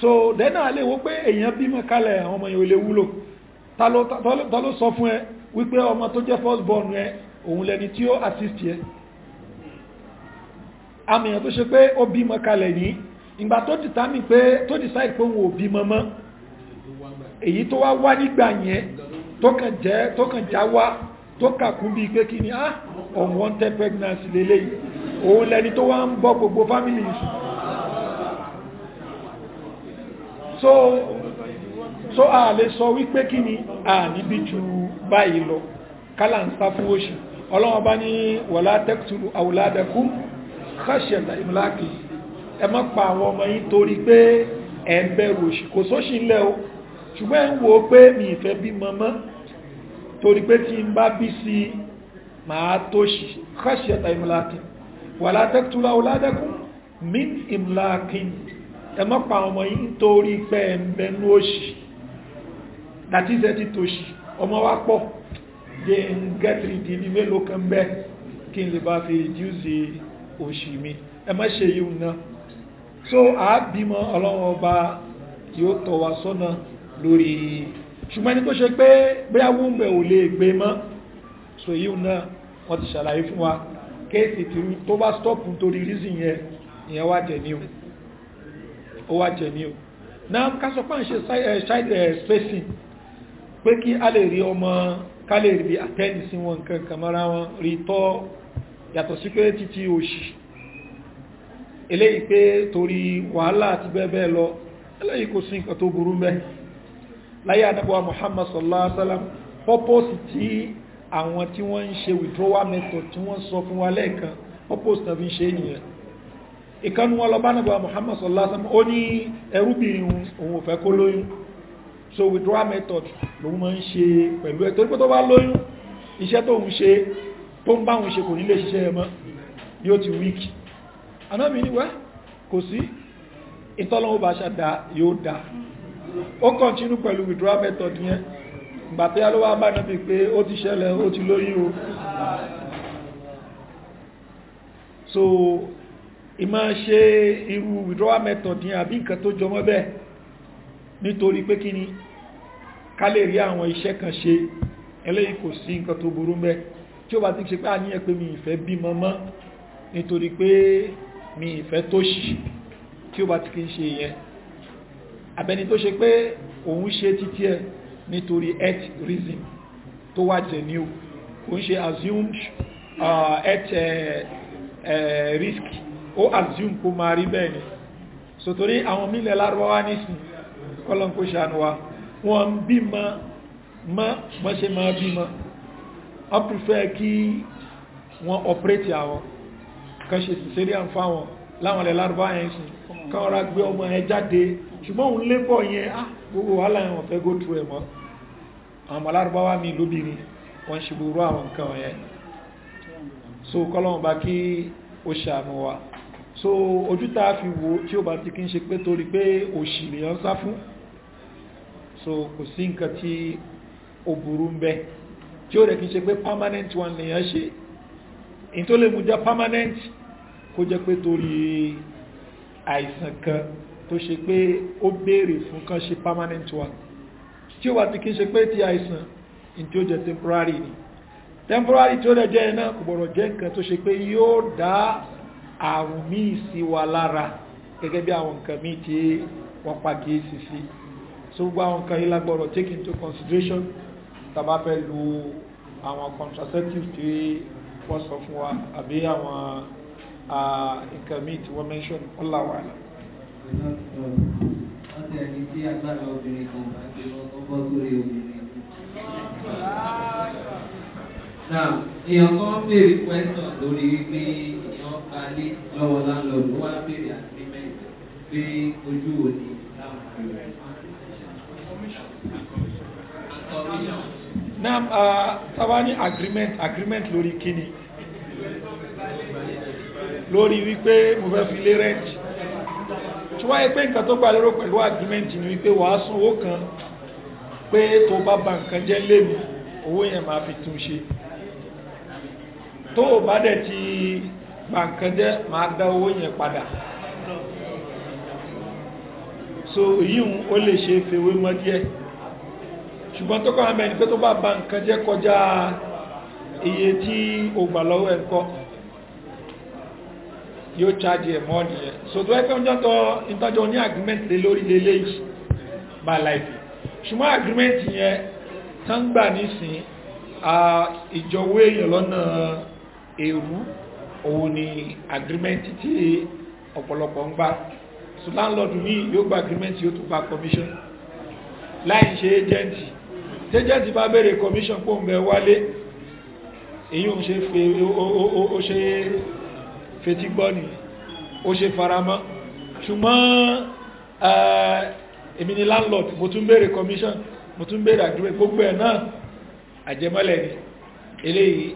so dẹ́nà alẹ́ wo pé èèyàn bímọ kalẹ̀ àwọn ọmọ yẹn ò lè wúlò ta ló sọ fún ẹ wípé ọmọ tó jẹ́ first born ẹ òun lẹni tí ó assist ẹ àmì èèyàn tó ṣe pé ó bímọ kalẹ̀ ní ìgbà tó determine pé tó decide pé òun ò bímọ mọ́ èyí tó wá wá nígbà yẹn tó kàn jẹ́ tó kàn já wá tó kàkún bí pé kí ni á ah, unwanted pregnancy lélẹ́yìí òun lẹni tó wá ń bọ́ gbogbo family sùn so so a lè sọ wípé kí ni a níbi jù báyìí lọ kálà ń sá fún òṣì ọlọ́wọ́n bá ní wala taqtulu awladakum khashyata imlaki ẹ má pa àwọn ọmọ yín torí pé ẹ ń bẹ̀rù òṣì kò sóṣì ńlẹ̀ o ṣùgbọ́n ń wo pé mi ìfẹ́ bí mọ́mọ́ torí pé tí n bá bí sí máa tó ṣì kọ́ṣẹ́ta ìmúlákin wà látẹ́kùtùlá oládẹ́kùn min ìmúlákin ẹ má pa ọmọ yìí nítorí pé ẹ̀mẹ́nú òṣì láti ìṣẹ́ ti tó ṣì ọmọ wá pọ̀ jẹ́ ń gẹ́tìrì dì ní mélòó kan bẹ́ kí n lè bá fi jíúzi òṣì mi ẹ ṣe yìí náà so àábímọ ọlọ́wọ́ ọba yóò tọ́ wa sọ́nà so lórí ṣùgbọ́n ẹni tó ṣe pé bóyá wúmẹ̀ ò lè gbé mọ́ so yíò náà wọ́n ti ṣàlàyé fún wa kéèsì tí tó bá stọ́pù torí reason yẹn ìyẹn wá jẹ ní o ó wá jẹ ní o náà ká sọ ń ṣe side eh, eh, spacing pé kí a lè rí ọmọ ká lè rí àtẹ́ni sí wọn nǹkan kàmọ́ra wọn rí tọ́ yàtọ̀ sí pé títí òṣì eléyìí pé torí wàhálà àti bẹ́ẹ̀ bẹ́ẹ̀ lọ eléyìí kò sí nǹkan tó burú mẹ́rin láyé anábọ̀ Muhammad sallallahu alaihi wasallam pọ́pọ́sì tí àwọn tí wọ́n ń ṣe withdrawal method tí wọ́n sọ fún wa lẹ́ẹ̀kan pọ́pọ́sì náà ṣe nìyẹn ìkanu wọn lọ́bá anábọ̀ Muhammad sallallahu alaihi wasallam ó ní ẹrúbìnrin òun ò fẹ́ kó lóyún so withdrawal method lòun máa ń ṣe pẹ̀lú ẹ̀ torí pé tó bá lóyún iṣẹ́ tó ń ṣe tó ń bá ó kọ̀ntínú pẹ̀lú withdrawal method yẹn gbàtí alówá bá nàbí pé ó ti ṣẹlẹ̀ ó ti lóyún o so ìmọ̀ ṣe irú withdrawal method yẹn àbí nǹkan tó jọmọ́ bẹ́ẹ̀ nítorí pé kí ni ká lè rí àwọn iṣẹ́ kan ṣe eléyìí kò sí nǹkan tó burú mẹ́ tí ó bá ti ṣe pé àníyàn pé mi ìfẹ́ bímọ mọ́ nítorí pé mi ìfẹ́ tó ṣì tí ó bá ti kí ń ṣe ìyẹn abẹni tó ṣe pé òun ṣe títí ẹ nítorí earth reason tó wà jẹ ní o kò ń ṣe assumed uh, earth uh, uh, risk ó assume kó máa rí bẹ́ẹ̀ ni sòtòrí àwọn mílẹ̀ lárúbáwá nísìn kọ́lọ́n kó ṣàánú wa wọ́n ń bímọ mọ́ mọ́ ṣe máa bímọ wọ́n prefer kí wọ́n operate àwọn kan ṣe cesarean fáwọn láwọn ilẹ̀ lárúbáwá yẹn sìn kan ra gbé ọmọ ẹ jáde ṣùgbọ́n òun lébọ̀ yẹn á ah, gbogbo wàhálà yẹn wọ́n fẹ́ go through ẹ̀ mọ́ àwọn alárúbáwá mi lóbìnrin wọ́n ṣe gbogbo àwọn nǹkan yẹn so kọ́lọ́wọ́n bá kí ó ṣàánú wa so ojú tá a fi wo tí ó bá ti kí ń ṣe pé torí pé òṣì lèèyàn sá fún so kò sí nǹkan tí ó burú ń bẹ tí ó rẹ̀ kí ń ṣe pé permanent one lèèyàn ṣe in tó lè mú jẹ́ permanent kó jẹ́ pé torí àìsàn kan tó ṣe pé ó béèrè fún kan ṣe permanent one tí ó wà tí kí ṣe pé ti àìsàn in tí ó jẹ temporary ni temporary tí ó dẹ̀ jẹ́ iná kò gbọ́dọ̀ jẹ́ nǹkan tó ṣe pé yóò dá àrùn míì sí wa lára gẹ́gẹ́ bí àwọn nǹkan míì tí wọ́n pàkíyèsí sí so gbogbo àwọn nǹkan yìí la take into consideration tá bá fẹ́ lo àwọn contraceptives tí wọ́n sọ fún wa àbí àwọn nǹkan míì tí wọ́n mention ọláwàlá ọ̀tẹ̀ ẹni tí agbára obìnrin kan bá gbé lọ́kọ́ bọ́ sórí obìnrin. Náà èèyàn kan béèrè pẹ́sọ̀ lórí wípé èèyàn balẹ̀ agreement agreement lori lórí lori lórí wípé mo fẹ́ fi rent ṣùgbọ́n ẹ pé nǹkan tó gbà lérò pẹ̀lú agreement ni wípé wàá san owó kan pé tó bá ba nǹkan jẹ́ lémi owó yẹn máa fi tún ṣe tó o bá dẹ̀ ti ba nǹkan jẹ́ máa dá owó yẹn padà so yíhun ó lè ṣe fèwé mọ́ díẹ̀ ṣùgbọ́n tó kọ́ àmì ẹni pé tó bá ba nǹkan jẹ́ kọjá iye tí o gbà lọ́wọ́ ẹ̀ ń kọ́ yóò charge ẹ̀ mọ́ nìyẹn so tó ẹgbẹ́ ọjọ́ tó ìtọ́jọ́ ní agreement lé lórí lélẹ́ yìí my life ṣùgbọ́n agreement yẹn tán gbà nísìn ìjọwọ́ èèyàn lọ́nà ewu òun ni agreement tí ọ̀pọ̀lọpọ̀ ń gbà so landlord mi yóò gba agreement yóò tún gba commission láì ṣe agent agent bá béèrè commission pò ń bẹ wálé èyí ò ṣe fetí gbọ́ ni ó ṣe faramọ́ ṣùgbọ́n eh, èmi ni landlord mo tún béèrè commission mo tún béèrè agreement gbogbo ẹ̀ náà àjẹmọ́lẹ̀ ni eléyìí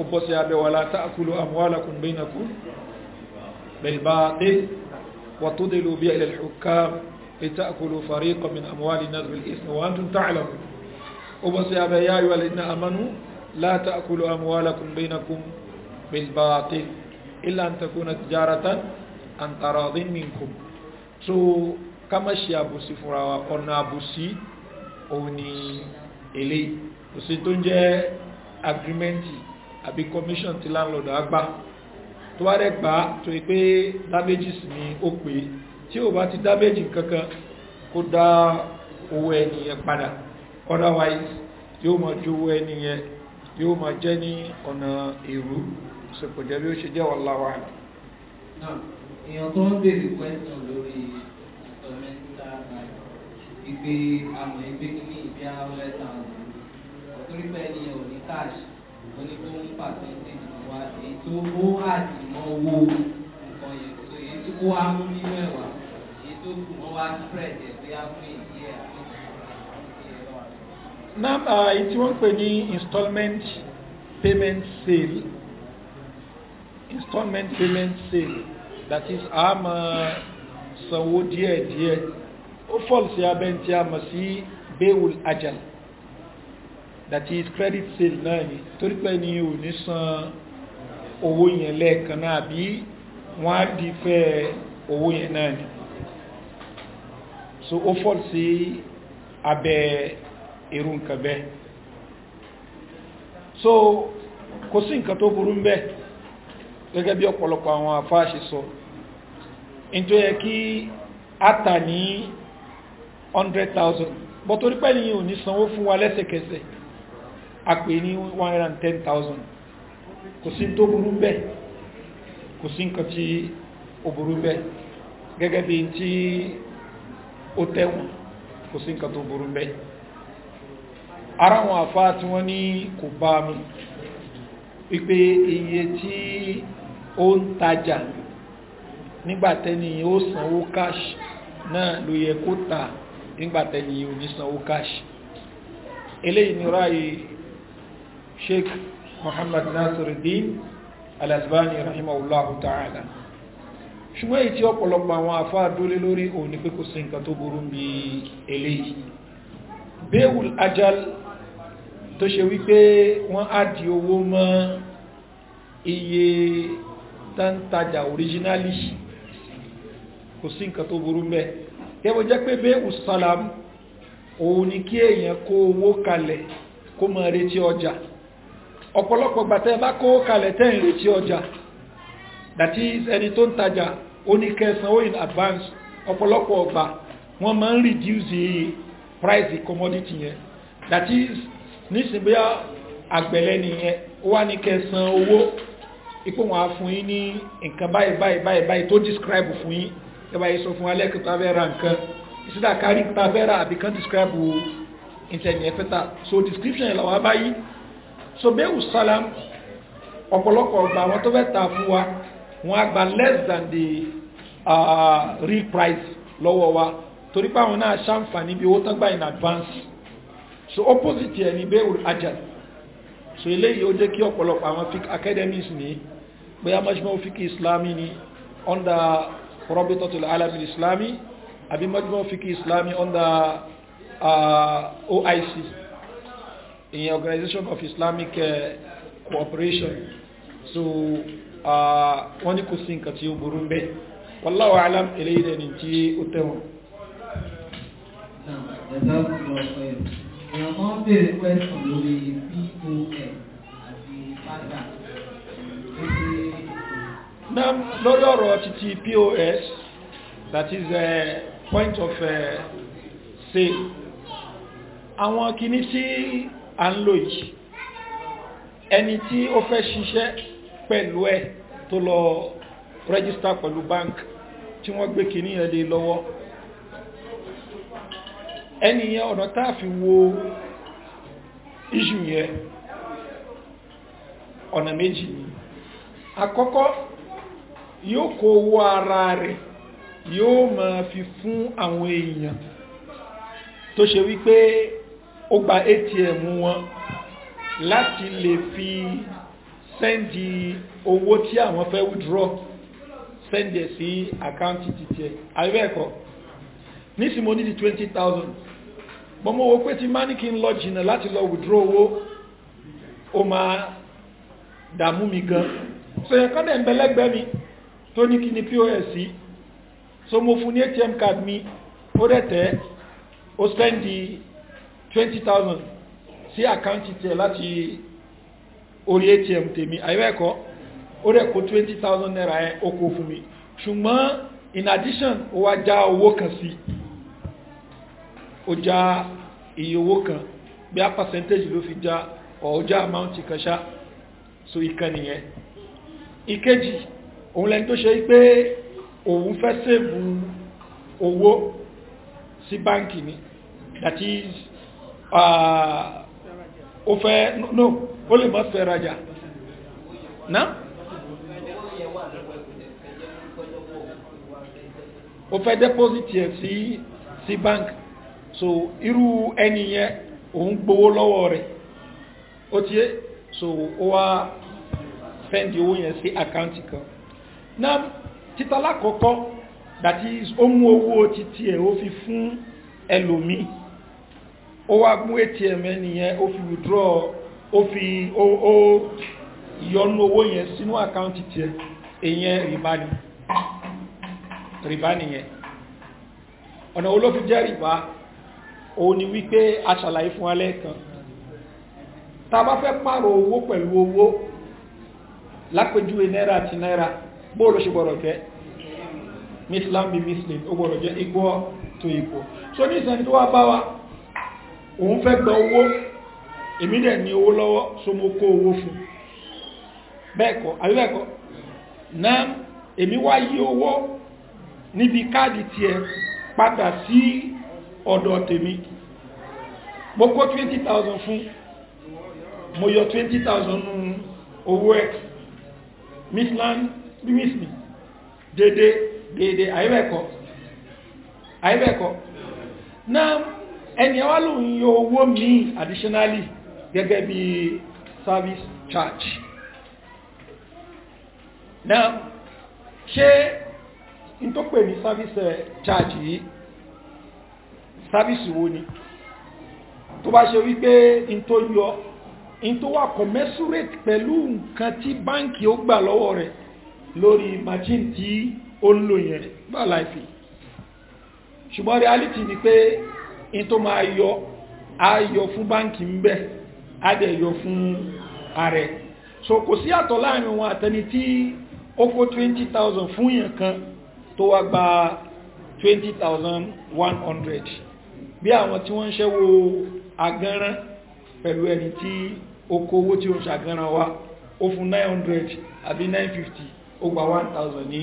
ó bọ́ sí abẹ́ wala ta'kulu amwalakum bainakum bil batil wa tudlu biha ila al-hukam لتأكلوا فريقا من أموال الناس بالإثم وأنتم تعلمون أبصي أبا يا أيها الذين آمنوا لا تأكلوا أموالكم بينكم بالباطل illa an takuna tijaratan an taradin minkum so ká má ṣe àbòsí fúnra wa ọ̀nà àbòsí òun ni èlé òsì tó ń jẹ́ agrimenti àbí commission ti landlord àgbà tó wá rẹ̀ gbà tó yẹ pé damages ni ó pè é tí ò bá ti damage kankan otherwise yóò mọ̀ ju yóò máa jẹ́ ní ọ̀nà èrú sọ̀pọ̀ jẹ́ bí ó ṣe jẹ́ wallahu a'lam. èèyàn tó ń béèrè question lórí ìtọ́mẹ́ta ìgbé àmọ̀ ìgbé kínní ìbí hundred thousand ọ̀tọ́rípẹ́ ni ò ní cash onígbóhùn percentage wa èyí tó ó àti mọ́ owó nǹkan yẹn so èyí tó kó amú nínú ẹ̀wà èyí tó kù mọ́ wá spread ẹ̀ bóyá fún ìdí ẹ̀ náà àyí ah, tí wọ́n pè ní installment payment sale installment payment sale that is a máa sanwó díẹ̀díẹ̀ ó fọ́ọ̀lù sí abẹ́ tí a mọ̀ sí bail ajal that is credit sale náà ni torí pé ní ò ní san owó yẹn lẹ́ẹ̀kan náà bí wọ́n á di fẹ́ owó yẹn náà ni so ó fọ́ọ̀lù sí abẹ́ eru nǹkan so kò sí nǹkan tó burú ń bẹ́ẹ̀ gẹ́gẹ́ bí ọ̀pọ̀lọpọ̀ àwọn afáàṣì sọ in tó yẹ kí a tà ní 100,000 bọ́ torí pẹ́ nìyàn ní sanwó fún wa lẹ́sẹ̀kẹsẹ̀ a pè ní 110,000 kò sí tó burú ń bẹ́ẹ̀ kò sí nǹkan tí ó burú ń gẹ́gẹ́ bí tí ó tẹ́wọ̀n ara wọn àfá tí wọ́n ní kò bá mi wípé iye tí ó ń tajà nígbàtẹ́ni ó sanwó káṣì náà ló yẹ kó ta nígbàtẹ́ni ò ní sanwó káṣì ni ráyí sheik Muhammad Nasiruddin al rahimahullahu ta'ala ṣùgbọ́n èyí tí ọ̀pọ̀lọpọ̀ àwọn àfá dólé lórí òun ni pé kò sí nǹkan tó burú bí eléyìí tó ṣe wípé wọ́n á di owó mọ́ iye tántajà originally kò sí nǹkan tó burú mẹ́ ẹwọ jẹ́ pé bẹ́ usalam òun ni kí èèyàn kó owó kalẹ̀ kó mọ̀ retí ọjà ọ̀pọ̀lọpọ̀ gbàtẹ́ bá kó kalẹ̀ tẹ́ ń retí ọjà that is ẹni tó ń tajà ó ní kẹsànwó in advance ọ̀pọ̀lọpọ̀ ọgbà wọ́n máa ń reduce the price of commodity yẹn that is nísìn bí àgbẹ̀lẹ́ nìyẹn ó wá ní kẹsàn owó ipò wọn á fún yín ní nǹkan báyìí báyìí báyìí báyìí tó describe fún yín ẹ báyìí sọ fún alẹ́ kẹta fẹ́ ra nǹkan ìsídà kárí kẹta fẹ́ ra àbí kan describe ìtẹ̀yìn ẹ̀fẹ́ ta so description làwọn á báyìí so bẹ́ẹ̀ sálám ọ̀pọ̀lọpọ̀ ọgbà àwọn tó fẹ́ ta fún wa wọ́n á gba less than the uh, real price lọ́wọ́ wa torí pé àwọn náà ṣàǹfààní bí owó tán gbà in advance so opposite ẹni bẹ́ẹ̀wò ajal so eléyìí ó jẹ́ kí ọ̀pọ̀lọpọ̀ àwọn fiqh academies ní bóyá majmọ́ fiqh islami ní under Rabitatul Alamil islami àbí majmọ́ fiqh islami under uh, OIC ìyẹn Organization of Islamic uh, Cooperation so uh, wọ́n ní kò sí nǹkan tí ó burú bẹ́ẹ̀ wallahu alam eléyìí dẹ̀ ní tí ó tẹ̀wọ̀n. Now, there's no èèyàn kan ń béèrè question lórí pos àti fada lórí ọ̀rọ̀ títí pos that is a eh, point of uh, sale àwọn kìíní tí a ń lò yìí ẹni tí ó fẹ́ ṣiṣẹ́ pẹ̀lú ẹ̀ tó lọ rẹ́gísítà pẹ̀lú bank tí wọ́n gbé kìíní ẹ̀ lé lọ́wọ́ ẹniyàn ọ̀nà táà fi wo iṣu yẹn ọ̀nà méjì ni àkọ́kọ́ yóò kó owó ara rẹ̀ yóò máa fi fún àwọn èèyàn tó ṣe wípé ó gba atm wọn láti lè fi sẹ́ndì owó tí àwọn fẹ́ withdraw sẹ́ndì sí àkáǹtì títí ẹ̀ àríwẹ̀ ẹ̀kọ́ nísìmọ́ ní ti 20,000 bọ́ mo wo pé ti má ní kí n lọ jìnà láti lọ withdraw owó ó máa dààmú mi gan so yẹn kọ́ dẹ̀ ń bẹ́lẹ́gbẹ́ mi tó ní kí ni pos sí so mo fún ní atm card mi ó dẹ̀ tẹ́ ó spẹ́ndì twenty thousand sí àkáǹtì tẹ̀ láti orí atm tèmi àyẹ́wẹ̀kọ́ ó dẹ̀ kó twenty thousand naira ẹ̀ ó kó fún mi ṣùgbọ́n in addition ó wá já owó kan sí i ó já iye owó kan bí a percentage ló fi já ọ̀ọ́já amount kan ṣá so ìkan nìyẹn ìkejì òun lẹni tó ṣe pé òun fẹ́ sèbù owó sí báńkì ni that is uh, ó fẹ́ no ó lè má fẹ́ rajà náà ó fẹ́ deposit ẹ̀ sí sí so irú ẹni yẹn òun gbowó lọ́wọ́ rẹ̀ ó ti yé so ó wá sẹ́ndì owó yẹn sí àkáǹtì kan náà títa lákọ̀ọ́kọ́ that is ó mú owó títí ẹ̀ ó fi fún ẹlòmíì ó wá gún atm ẹni yẹn ó fi withdraw ó fi ó ó yọnu owó yẹn sínú àkáǹtì tiẹ̀ èyẹn rìbá ni rìbá nìyẹn ọ̀nà olófin jẹ́ rìbá òun ni wípé aṣàlàyé fún alẹ́ kan ta bá fẹ́ pààrọ̀ owó pẹ̀lú owó lápèjúwe náírà àti náírà bóòlù ṣe gbọ́dọ̀ jẹ́ mitlam bí mislim ó gbọ́dọ̀ jẹ́ igbó tó igbó so ní ìsẹ́ni tó wá bá wa òun fẹ́ gba owó èmi dẹ̀ ní owó lọ́wọ́ so mo kó owó fún bẹ́ẹ̀kọ́ àbíbẹ́ẹ̀kọ́ náà èmi wá yí owó níbi káàdì tiẹ̀ padà sí ọ̀dọ̀ tèmi mo kó twenty thousand fún mo yọ twenty thousand nínú owó ẹ̀ mislan limit mi dédé dédé àyẹ̀bẹ̀kọ àyẹ̀bẹ̀kọ náà ẹni àwa ló ń yọ owó mi additionally gẹ́gẹ́ bí service charge náà ṣé n tó pè ní service eh, charge yìí sábìsì wo ni tó bá ṣe wípé n tó yọ n tó wà commensurate pẹ̀lú nǹkan tí báǹkì ó gbà lọ́wọ́ rẹ̀ lórí machine tí ó ń lò yẹn bá láìfi ṣùgbọ́n reality ni pé n tó máa yọ á yọ fún báǹkì ń bẹ̀ á dẹ̀ yọ fún ààrẹ so kò sí àtọ̀ láàrin wọn àtẹni tí ó kó 20,000 fún yẹn kan tó wá gba 20,100 bí àwọn tí wọ́n ń ṣẹ́wó agánrán pẹ̀lú ẹni tí ó kó owó tí ó ń ṣàgánrán wá ó fún 900 àbí 950 ó gba 1000 ní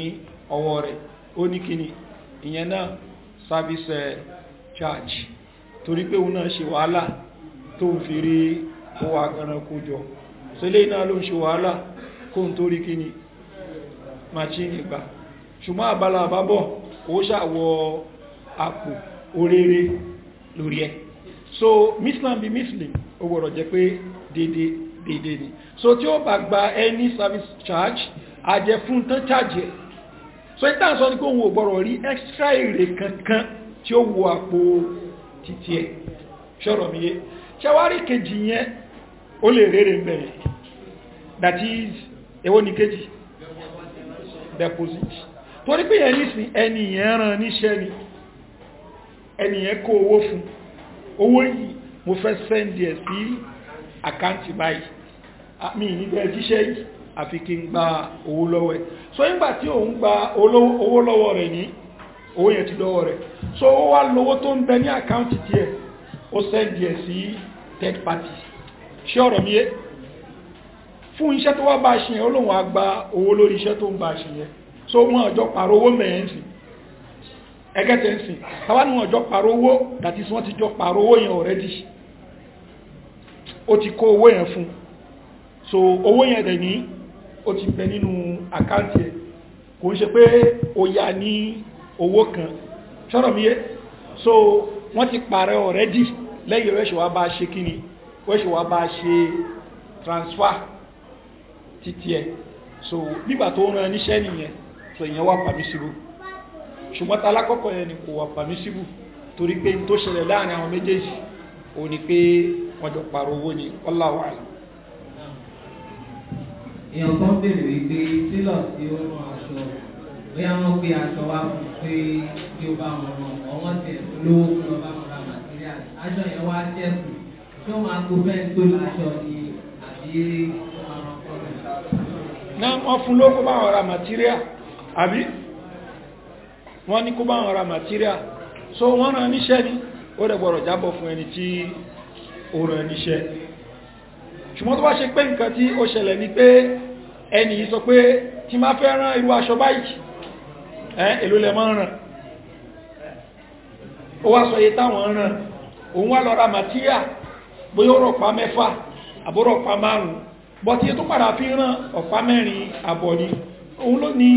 ọwọ́ rẹ̀ ó ní kíni ìyẹn náà service eh, charge torí pé òun náà ṣe wàhálà tó ń fi rí owó agánrán kó jọ so ilé iná ló ń ṣe wàhálà kó ń torí kíni machine gbà ṣùgbọ́n àbálà àbábọ̀ ó àpò oréré lórí ẹ̀ so mislam bí mislim ó gbọ́dọ̀ jẹ́ pé dédé ni so tí ó bá gba any service charge àjẹ fún tán charge ẹ̀ so ìta sọ ní kó òun ò gbọ́dọ̀ rí extra èrè kankan tí ó wo àpò títí ẹ̀ ṣọ́rọ̀ mi yé ṣẹwárí kejì yẹn ó lè rèrè bẹ̀rẹ̀ that is èwo ni kejì deposit torí pé yẹn nísìn ẹni yẹn ràn níṣẹ́ ni, sheni, ẹnìyẹn kó owó fún owó yìí mo fẹ́ sẹ́ndì ẹ̀ sí àkáǹtì báyìí mi níbẹ̀ jíṣẹ́ yìí àfi kí n gba owó lọ́wọ́ ẹ̀ so nígbà tí òun gba owó lọ́wọ́ rẹ̀ ní owó yẹn ti lọ́wọ́ rẹ̀ so ó wá lówó tó ń bẹ ní àkáǹtì tiẹ̀ ó sẹ́ndì ẹ̀ sí third party ṣé ọ̀rọ̀ mi yé fún iṣẹ́ tó wá bá ṣe yẹn ó lóun á gba owó lórí iṣẹ́ tó ń bá ṣe yẹn so wọn àjọ pàrọ̀ owó mẹ́rin sí ẹgẹ́tẹ̀ ń sìn káwọn ní wọn jọ owó that is wọ́n ti jọ pàrọ̀ owó yẹn already ó ti kó owó yẹn fún so owó yẹn dẹ̀ ní ó ti bẹ nínú àkáǹtì ẹ̀ kò ń ṣe pé ó yá ní owó kan ṣọ́rọ̀ mi so wọ́n ti pàrọ̀ already lẹ́yìn rẹ̀ ṣe wá bá ṣe kíni wọ́n ṣe wá bá ṣe transfer títí ẹ̀ so nígbà tó ń ran níṣẹ́ nìyẹn so ìyẹn wà pàmísìrò ṣùgbọ́n ta alákọ̀ọ́kọ́ yẹn ni kò wà pàmísíbù torí pé tó ṣẹlẹ̀ láàrin àwọn méjèèjì ò ní pé wọ́n jọ pààrọ̀ owó ni wallahu a'lam. èèyàn kan béèrè wípé tílọ̀ tí ó rán aṣọ bóyá wọ́n gbé aṣọ wá fún pé kí ó bá wọn rán ọ̀wọ́n tẹ̀ lówó kí wọ́n bá wọn ra material aṣọ yẹn wá ṣẹ́kù tí wọ́n máa kó fẹ́ẹ́ tó láṣọ ni àbí wọ́n máa rán kọ́ náà wọ́n fún lówó kó bá wọn ra material àbí wọ́n ní kó bá wọn ra material so wọ́n rán níṣẹ́ ni ó dẹ̀ gbọ́dọ̀ jábọ̀ fún ẹni tí ó rán níṣẹ́ ṣùgbọ́n tó bá ṣe pé nǹkan tí ó ṣẹlẹ̀ ni pé ẹni yìí sọ pé tí máa fẹ́ rán irú aṣọ báyìí ẹ́ èlò lẹ ra material bóyá ó rọ̀pá mẹ́fà àbúrò ọ̀pá márùn-ún bọ́tí tó ni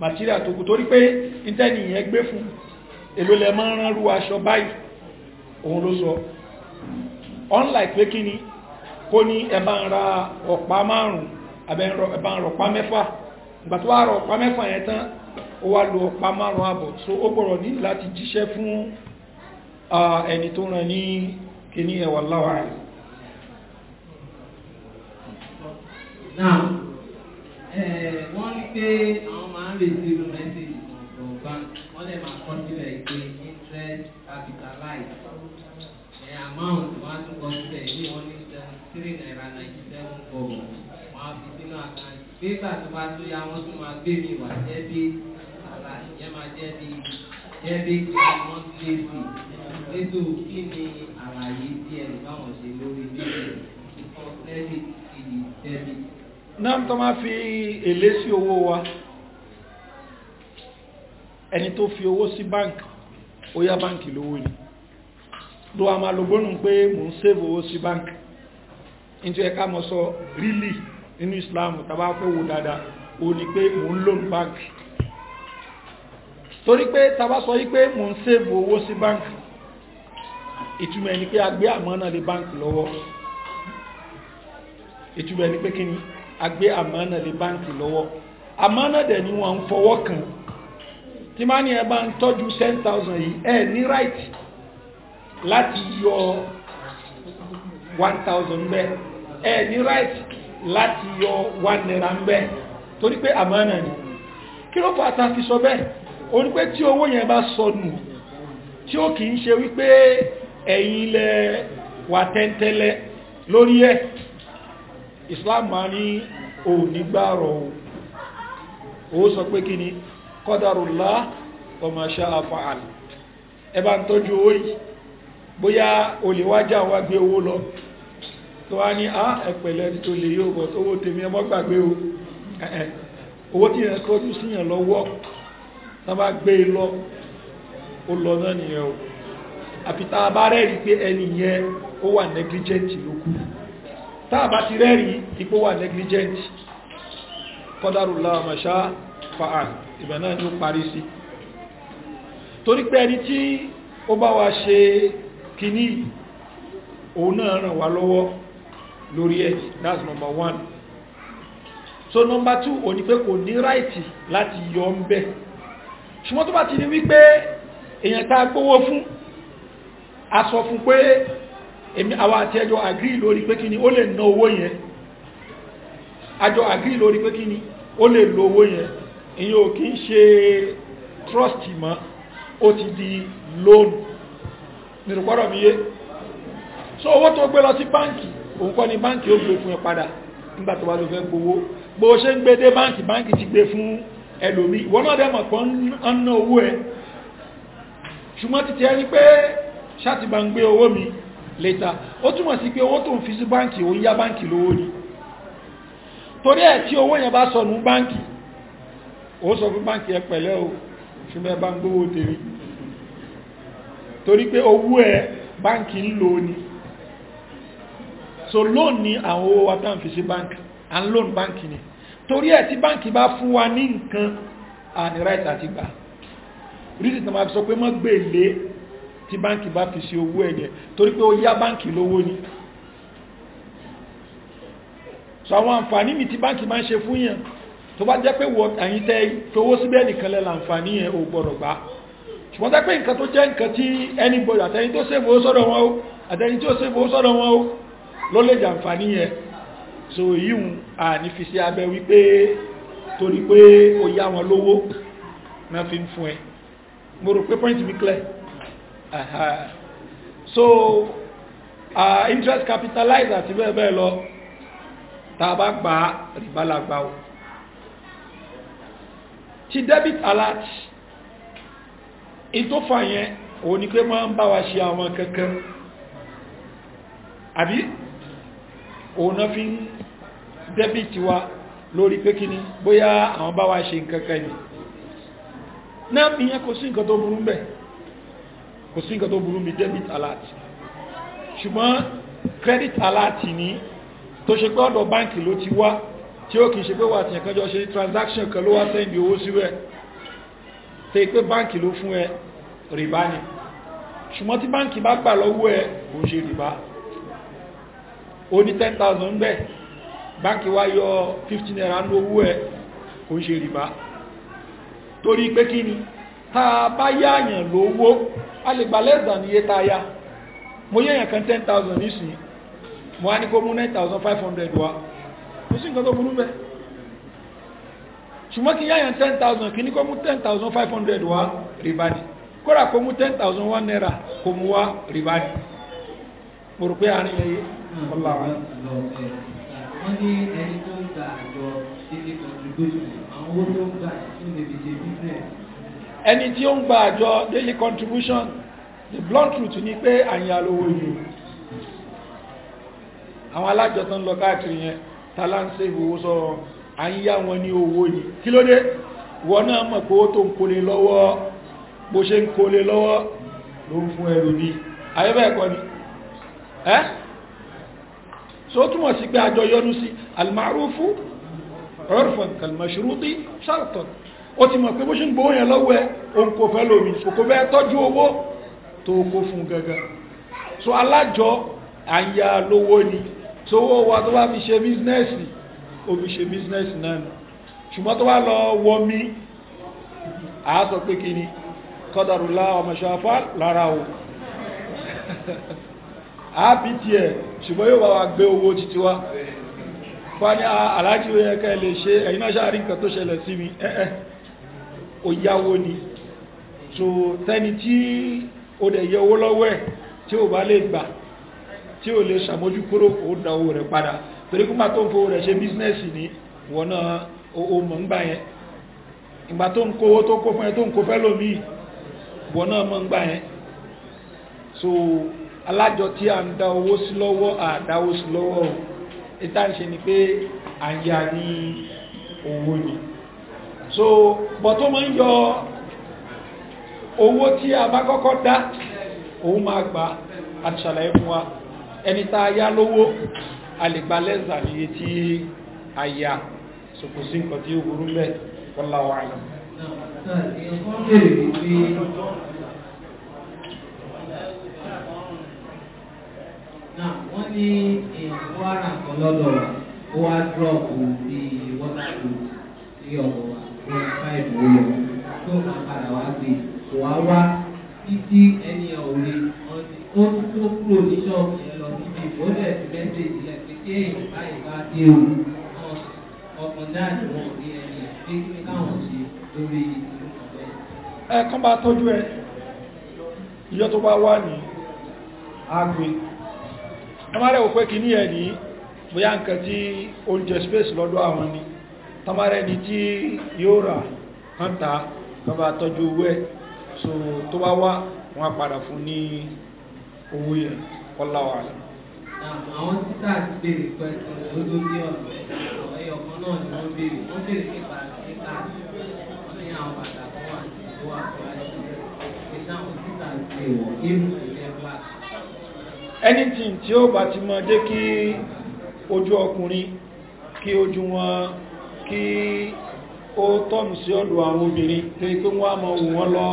material tó kù torí pé ìtẹ́ni ìyẹn gbé fún èlò lẹ máa rán rú aṣọ báyìí òun ló sọ unlike pé kí ni kó ní ẹbá ń ra ọ̀pá márùn ẹbá ń rọ̀pá mẹ́fà ìgbà tó wá rọ̀pá mẹ́fà yẹn tán ó wá lo ọ̀pá márùn àbọ̀ so ó gbọ́rọ̀ ní láti jíṣẹ́ fún ẹni tó ràn ní kíní ẹwà láwárí Now, Eh, wọ́n rí pé àwọn máa ń retí irú mẹ́sẹ̀jì ọ̀gbọ̀n bank wọ́n lè máa kọ́ sílẹ̀ pé interest capitalize eh, amount wọ́n á tún kọ́ sílẹ̀ ní wọ́n ní three naira ninety seven four wọ́n á fi sínú àkáǹtì pépà tó bá tó yá wọ́n tún máa gbé mi wà jẹ́ bí àlà ìyẹn máa jẹ́ bí jẹ́ bí wọ́n ti lè fi ètò kí ni àlàyé tí ẹnì báwọn ṣe lórí bí ọ̀sẹ̀ lè fi dẹ́bi náà tó máa fi èlé sí owó wa ẹni tó fi owó sí báǹkì ó yá báǹkì lówó ni ló a máa lògbónú pé mò ń save owó sí báǹkì nítorí ẹ̀ká mọ́ sọ rílì nínú Islam tàbá pé wo dáadáa ó ní pé mò ń lóun báǹkì torí pé tàbá sọ yí pé mò ń save owó sí báǹkì ìtumọ̀ ẹni pé a gbé àmọ́nà lé báǹkì lọ́wọ́ ìtumọ̀ ẹni pé kí ni agbé amana lé báǹkì lọ́wọ́ amana dẹ̀ ni wọ́n ń fọwọ́ kàn tí má ní ẹ bá ń tọ́jú 10,000 yìí ẹ ní right láti yọ 1,000 mbẹ ẹ ní right láti yọ 1 naira mbẹ torí pé àmọ́nà ni kí ló fàtà fi sọ bẹ́ẹ̀ o ní pé tí owó yẹn bá sọnù tí ó kìí ṣe wípé ẹ̀yin lẹ wà tẹ́ntẹ́lẹ́ lórí ẹ̀ islam máa ní onígbàrọ̀ o sọ pé kí ni wa ma ẹ bá ń tọ́jú owó yìí bóyá olè wá gbé owó lọ tó wá ní á ah, ẹ̀pẹ̀lẹ̀ tó lè yóò bọ̀ tó wó tèmi ọmọ gbàgbé o owó tí yẹn tọ́jú lọ́wọ́ tó bá gbé e lọ ó lọ náà nìyẹn o àfi tá a bá táàbá ti rẹ́rí ipò wà negligent kọ́dárùlá àmàṣá fa'al ìbẹ̀ náà ni ó parí sí torí pé ẹni tí ó bá wa ṣe kìíní òun náà ràn wá lọ́wọ́ lórí ẹ̀ that's number one so number two ó ní pé kò ní ráìtì láti yọ ń bẹ̀ ṣùgbọ́n tó bá ti ní wípé èèyàn tá gbówó fún a fún pé èmi àwa àti ẹjọ́ agree lórí pé kí ni ó lè ná owó yẹn àjọ agree lórí pé kí ó lè lo owó yẹn ìyẹn ò kí ń ṣe trust mọ́ ó ti di loan nìrùpọ̀rọ̀ mi yé so owó tó gbé lọ sí báǹkì òun kọ́ ni báǹkì ó gbé fún ẹ padà nígbà tó bá lọ fẹ́ gbowó bó o ṣe ń gbé dé báǹkì báǹkì ti gbé fún ẹlòmí ìwọ náà dẹ́mọ̀ kan ń ná owó ẹ ṣùgbọ́n títí ẹni pé ṣáàtì owó mi later ó túmọ̀ sí pé owó tó ń fi sí báǹkì ó ń yá báǹkì lówó ni torí ẹ̀ tí owó yẹn bá sọnù báǹkì ó sọ fún báǹkì ẹ pẹ̀lẹ́ o ṣùgbọ́n ẹ bá ń gbówó tèmi torí pé owó ẹ báǹkì ń lò ní so loan ni àwọn owó wa tá fi sí báǹkì and loan báǹkì ni torí ẹ̀ tí báǹkì bá fún wa ní nǹkan and right àti gbà reason tó máa fi sọ pé mọ́ gbèlè tí báńkì bá fi ṣe owó ẹ̀yẹ torí pé ó yá báńkì lówó ni so àwọn àǹfààní mi tí báńkì máa ń ṣe fún yàn tó bá jẹ́ pé wọ àyín tẹ́ tówó síbẹ̀ nìkan lẹ́ làǹfààní yẹn ò gbọ́dọ̀ gbà ṣùgbọ́n tẹ́ pé nǹkan tó jẹ́ nǹkan tí anybody àtẹni tó ṣèbò sọ́dọ̀ wọn o àtẹni tó ṣèbò sọ́dọ̀ wọn o ló lè jàǹfààní yẹn so yíhun àní fi sí abẹ wípé torí pé ó yá wọn lówó náà fi ń fún ẹ mo rò pé pọ́ìntì mi clear Uh -huh. so uh, interest capitalizer àti bẹ́ẹ̀ bẹ́ẹ̀ lọ tá a bá gba rìbá o ti debit alert ìtòfà yẹn òun ni pé máa ń bá wa ṣe àwọn kankan àbí òun náà fi ń debit wa lórí pé kí ni bóyá àwọn wa ṣe nǹkankan yìí náà ìyẹn kò sí nǹkan tó burú bẹ́ẹ̀ kò sí nǹkan tó burú mi debit alert ṣùgbọ́n credit alert ni tó ṣe pé ọ̀dọ̀ báǹkì ló ti wá tí ó kìí ṣe pé wà tí jọ ṣe transaction kan ló wá sẹ́ndì owó sí rẹ̀ tẹ́ pé báǹkì ló fún ẹ rìbá ni ṣùgbọ́n tí báǹkì bá gbà lọ́wọ́ ẹ kò ṣe rìbá ó ní 10,000 bẹ́ẹ̀ báǹkì wá yọ 15 naira ní owó ẹ kò ṣe rìbá torí pé kí ni tá a bá yáàyàn lówó a lè gba less than iye tá ya mo yẹ̀yàn kan ten thousand nísìnyí mo wá ní kó mú nine thousand five hundred wa kò sí nǹkan tó burú bẹ́ẹ̀ ṣùgbọ́n kí yẹ̀yàn ten thousand kí ní kó mú ten thousand five hundred wa rìbá ni kódà kó mú ten thousand one naira kó mú wá rìbá ni mo rò pé àárín ẹyẹ ọlá wa. wọ́n ní ẹni tó ń gba àjọ ṣe contribution àwọn owó tó ń gba ìṣúná ibi ṣe business ẹni tí ó ń gba àjọ daily contribution the blunt truth ni pé àyìn alówó ìlú àwọn alájọ tó ń lọ káàkiri yẹn ta lá ń ṣe ìwòwò sọ̀rọ̀ à ń yá wọn ní owó yìí kí ló dé wọ́n náà mọ̀ pé ó tó ń kólé lọ́wọ́ bó ṣe ń kólé lọ́wọ́ ló ń fún ẹrù ní ayébẹ̀ ẹ̀kọ́ ni ẹ́ so túnmọ̀ sí pé àjọ yọnu sí almarufu urfan kalmashruti sharton ó ti mọ̀ pé bó ṣe ń gbówó yẹn lọ́wọ́ ẹ òun kò fẹ́ lómi kò fẹ́ tọ́jú owó tó kó fún gangan so alájọ àyà lówó ni sówó wa tó bá fi ṣe bísínẹ́sì ó fi ṣe bísínẹ́sì náà ni ṣùgbọ́n tó bá lọ wọ mi à á sọ pé kí ni kọ́dàrúlá ọmọ ṣàfà lára o àábí tiẹ̀ ṣùgbọ́n yóò bá wa gbé owó títí wá fani ah, aláàjì ó ká ẹ lè ṣe ẹ̀yin náà ṣáà nǹkan tó ṣẹlẹ̀ sí mi ẹ́ẹ̀ eh, eh. O yáwó ni so tẹ́ni tí ó dẹ̀ yẹ owó lọ́wọ́ ẹ̀ tí ó bá lè gbà tí ó lè ṣàmójú kúrò ó dá owó rẹ̀ padà torí kúmà tó ń fowó rẹ̀ ṣe bísínẹ́sì ní wọ́n náà ó mọ̀ ń gbà yẹn ìgbà tó ń kówó tó kó fún ẹ tó ń kó fẹ́ lómi wọ́n náà mọ̀ ń gbà yẹn so alájọ tí a ń dá owó sí lọ́wọ́ àdáwó sí lọ́wọ́ o ìtàn ṣe ni pé àyà ní owó ni so bọ̀ tó máa ń yọ owó tí a bá kọ́kọ́ dá òun máa gbà àti ṣàlàyé fún wa ẹni tá a yá lówó a lè gba lẹ́sà níye tí so kò sí nǹkan tí ó burú mẹ́ wallahu a'lam wọ́n ní èèyàn wá rà kan lọ́dọ̀ ó wá dúrọ̀pù bíi wọ́tà lù sí fún five million tó máa padà wá gbé kò wá wá títí ẹni ọ̀rẹ́ ó tó kúrò ní ṣọ́ọ̀bù yẹn lọ síbi ìbọ́lẹ̀ ti mẹ́sẹ̀jì lẹ̀ pé kí èèyàn báyìí bá o ọkàn náà ni wọn ò ní ẹni pé kí ni káwọn ṣe lórí ìlú ọ̀fẹ́. ẹ kán bá tọ́jú ẹ ìjọ tó bá wà ní agbe ẹ má rẹ̀ wò pé kí ní ẹ̀ ní bóyá nǹkan tí oúnjẹ space lọ́dọ̀ àwọn ni tọ́bára ẹni tí yóò rà hàn ta bàbá tọ́jú owó ẹ̀ so tó bá wá wọn á padà fún ní owó yẹn ọláwà rẹ̀. àwọn títà ti béèrè pẹ̀sìn ó tó bí ọ̀sẹ̀ àwọn ẹyọ kan náà ni wọ́n béèrè wọ́n béèrè nípa títà wọ́n ní àwọn bàtà tó wà sí tó wà fún àìsàn títà ti wọ̀ éèmù ìjẹ́ black. anything tí bá ti mọ dé kí ojú ọkùnrin kí ojú wọn kí ó tọ́nù sí ọ̀dọ̀ àwọn obìnrin tó yí pé wọ́n á máa wù wọ́n lọ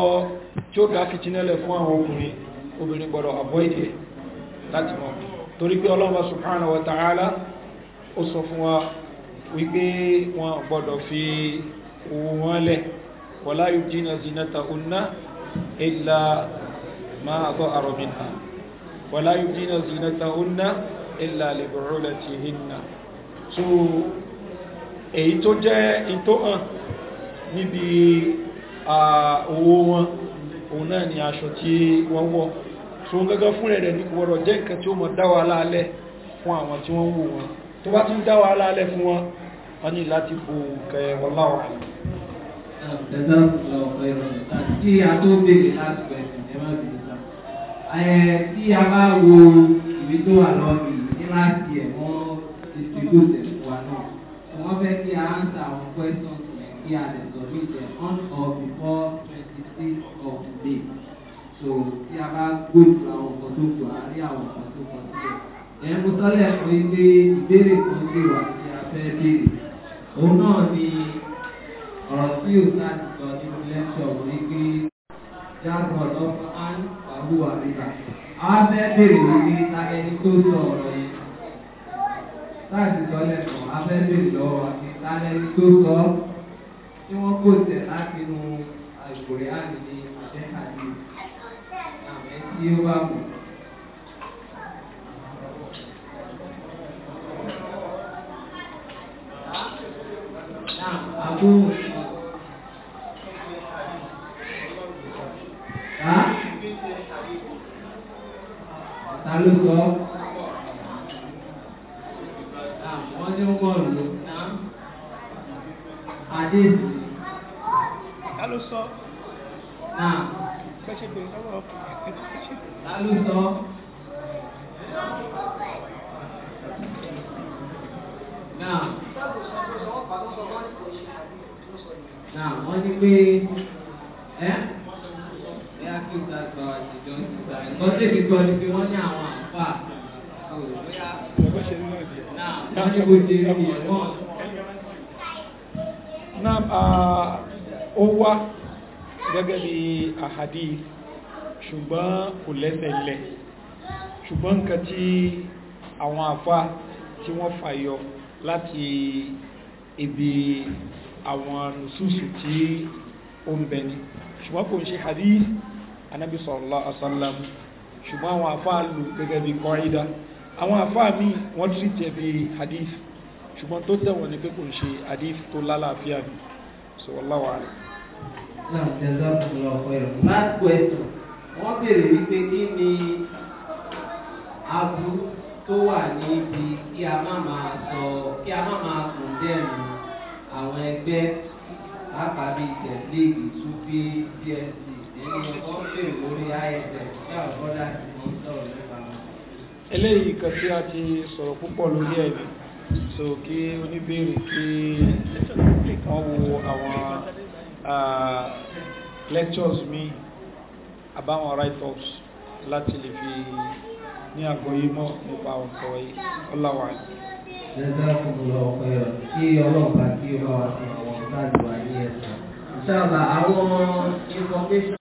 tí ó dá kìtìnẹ́lẹ̀ fún àwọn ọkùnrin obìnrin gbọ́dọ̀ avoid ẹ̀ láti mọ̀ torí pé ọlọ́mọ subhanahu wa ta'ala ó sọ fún wa wípé wọn gbọ́dọ̀ fi owó wọn èyí tó jẹ́ ìtó hàn níbi owó wọn òun náà ni aṣọ tí wọ́n wọ́ tó gẹ́gẹ́ fún rẹ̀ ní kòwọ́rọ̀ jẹ́ nǹkan tí ó mọ̀ dáwà láàlẹ́ fún àwọn tí wọ́n wò wọn tó bá ti ń dáwà láàlẹ́ fún wọn wọ́n ní láti bò kẹwàá láwàá tí a tó wọ́n fẹ́ kí a answer our questions yẹn kí a lè submit them on or before twenty six of may so tí a bá gbóòdù àwọn nǹkan tó kù a rí àwọn nǹkan tó kọ sílẹ̀ ẹ̀ mo sọ́lẹ̀ pé pé ìbéèrè kan sì wà tí a fẹ́ béèrè òun náà ni ọ̀rọ̀ tí o sá ti sọ nínú lẹ́kṣọ̀ wí pé jábọ̀ lọ́fọ̀ án wàhùwà rírà a fẹ́ béèrè wí ta ẹni tó sọ ọ̀rọ̀ láti sọ lẹ́kọ̀ọ́ abẹ́lé lọ́wọ́ àti tálẹ́ni tó sọ ọ́ tí wọ́n kò tẹ̀ láti nu àgbòrí àdìdì àbẹ́hàdì àmì tí ó bá mú. Àbúrò ta ló sọ ọ́. ló sọ. náà náà wọ́n ní pé ẹ́ ẹ́ akéwìtà àgbà àtijọ́ ti gbà ẹ̀ kọ́ tèmi gbọ́ ni pé wọ́n ní àwọn àǹfà náà wọ́n ní bó ṣe rí ẹ̀ wọ́n. náà ó wá gẹ́gẹ́ bí ṣùgbọ́n kò lẹ́sẹ̀ lẹ̀ ṣùgbọ́n nǹkan tí àwọn àfá tí wọ́n fàyọ láti ibi àwọn nùsùsù tí ó ń bẹ ni ṣùgbọ́n kò ń ṣe hadith anábi sallallahu alaihi wasallam ṣùgbọ́n àwọn àfá lò gẹ́gẹ́ bí kọ́rídá àwọn àfá mi wọ́n tí jẹ́ bí hadith ṣùgbọ́n tó tẹ̀wọ̀n ní pé kò ń ṣe hadith tó lálàáfíà ni so wallahu a'lam Now, there's that last question wọ́n béèrè wípé kí ni aburú tó wà níbi kí a má máa sọ kí a má máa kòndẹ́nu àwọn ẹgbẹ́ lápàbí tẹ̀blíìgì túbí psc ẹni wọ́n béèrè lórí isf tí àwọn bọ́dà tí wọ́n sọ̀rọ̀ nípa wọn. eléyìí kan tí a ti sọ̀rọ̀ púpọ̀ lórí ẹ̀ ni so kí oníbèrè kí wọ́n wo àwọn ah, lectures mi àbáwọn write-offs láti lè fi ní àgbọ́yé mọ́ nípa ọ̀sọ̀ yìí ọláwà ní. jẹ́sàkùnlọ ọ̀pẹ̀rẹ̀ kí ọlọ́pàá kí ó bá wa sọ àwọn ọ̀gá àgbà ní ẹ̀sán. ìṣàlà àwọn information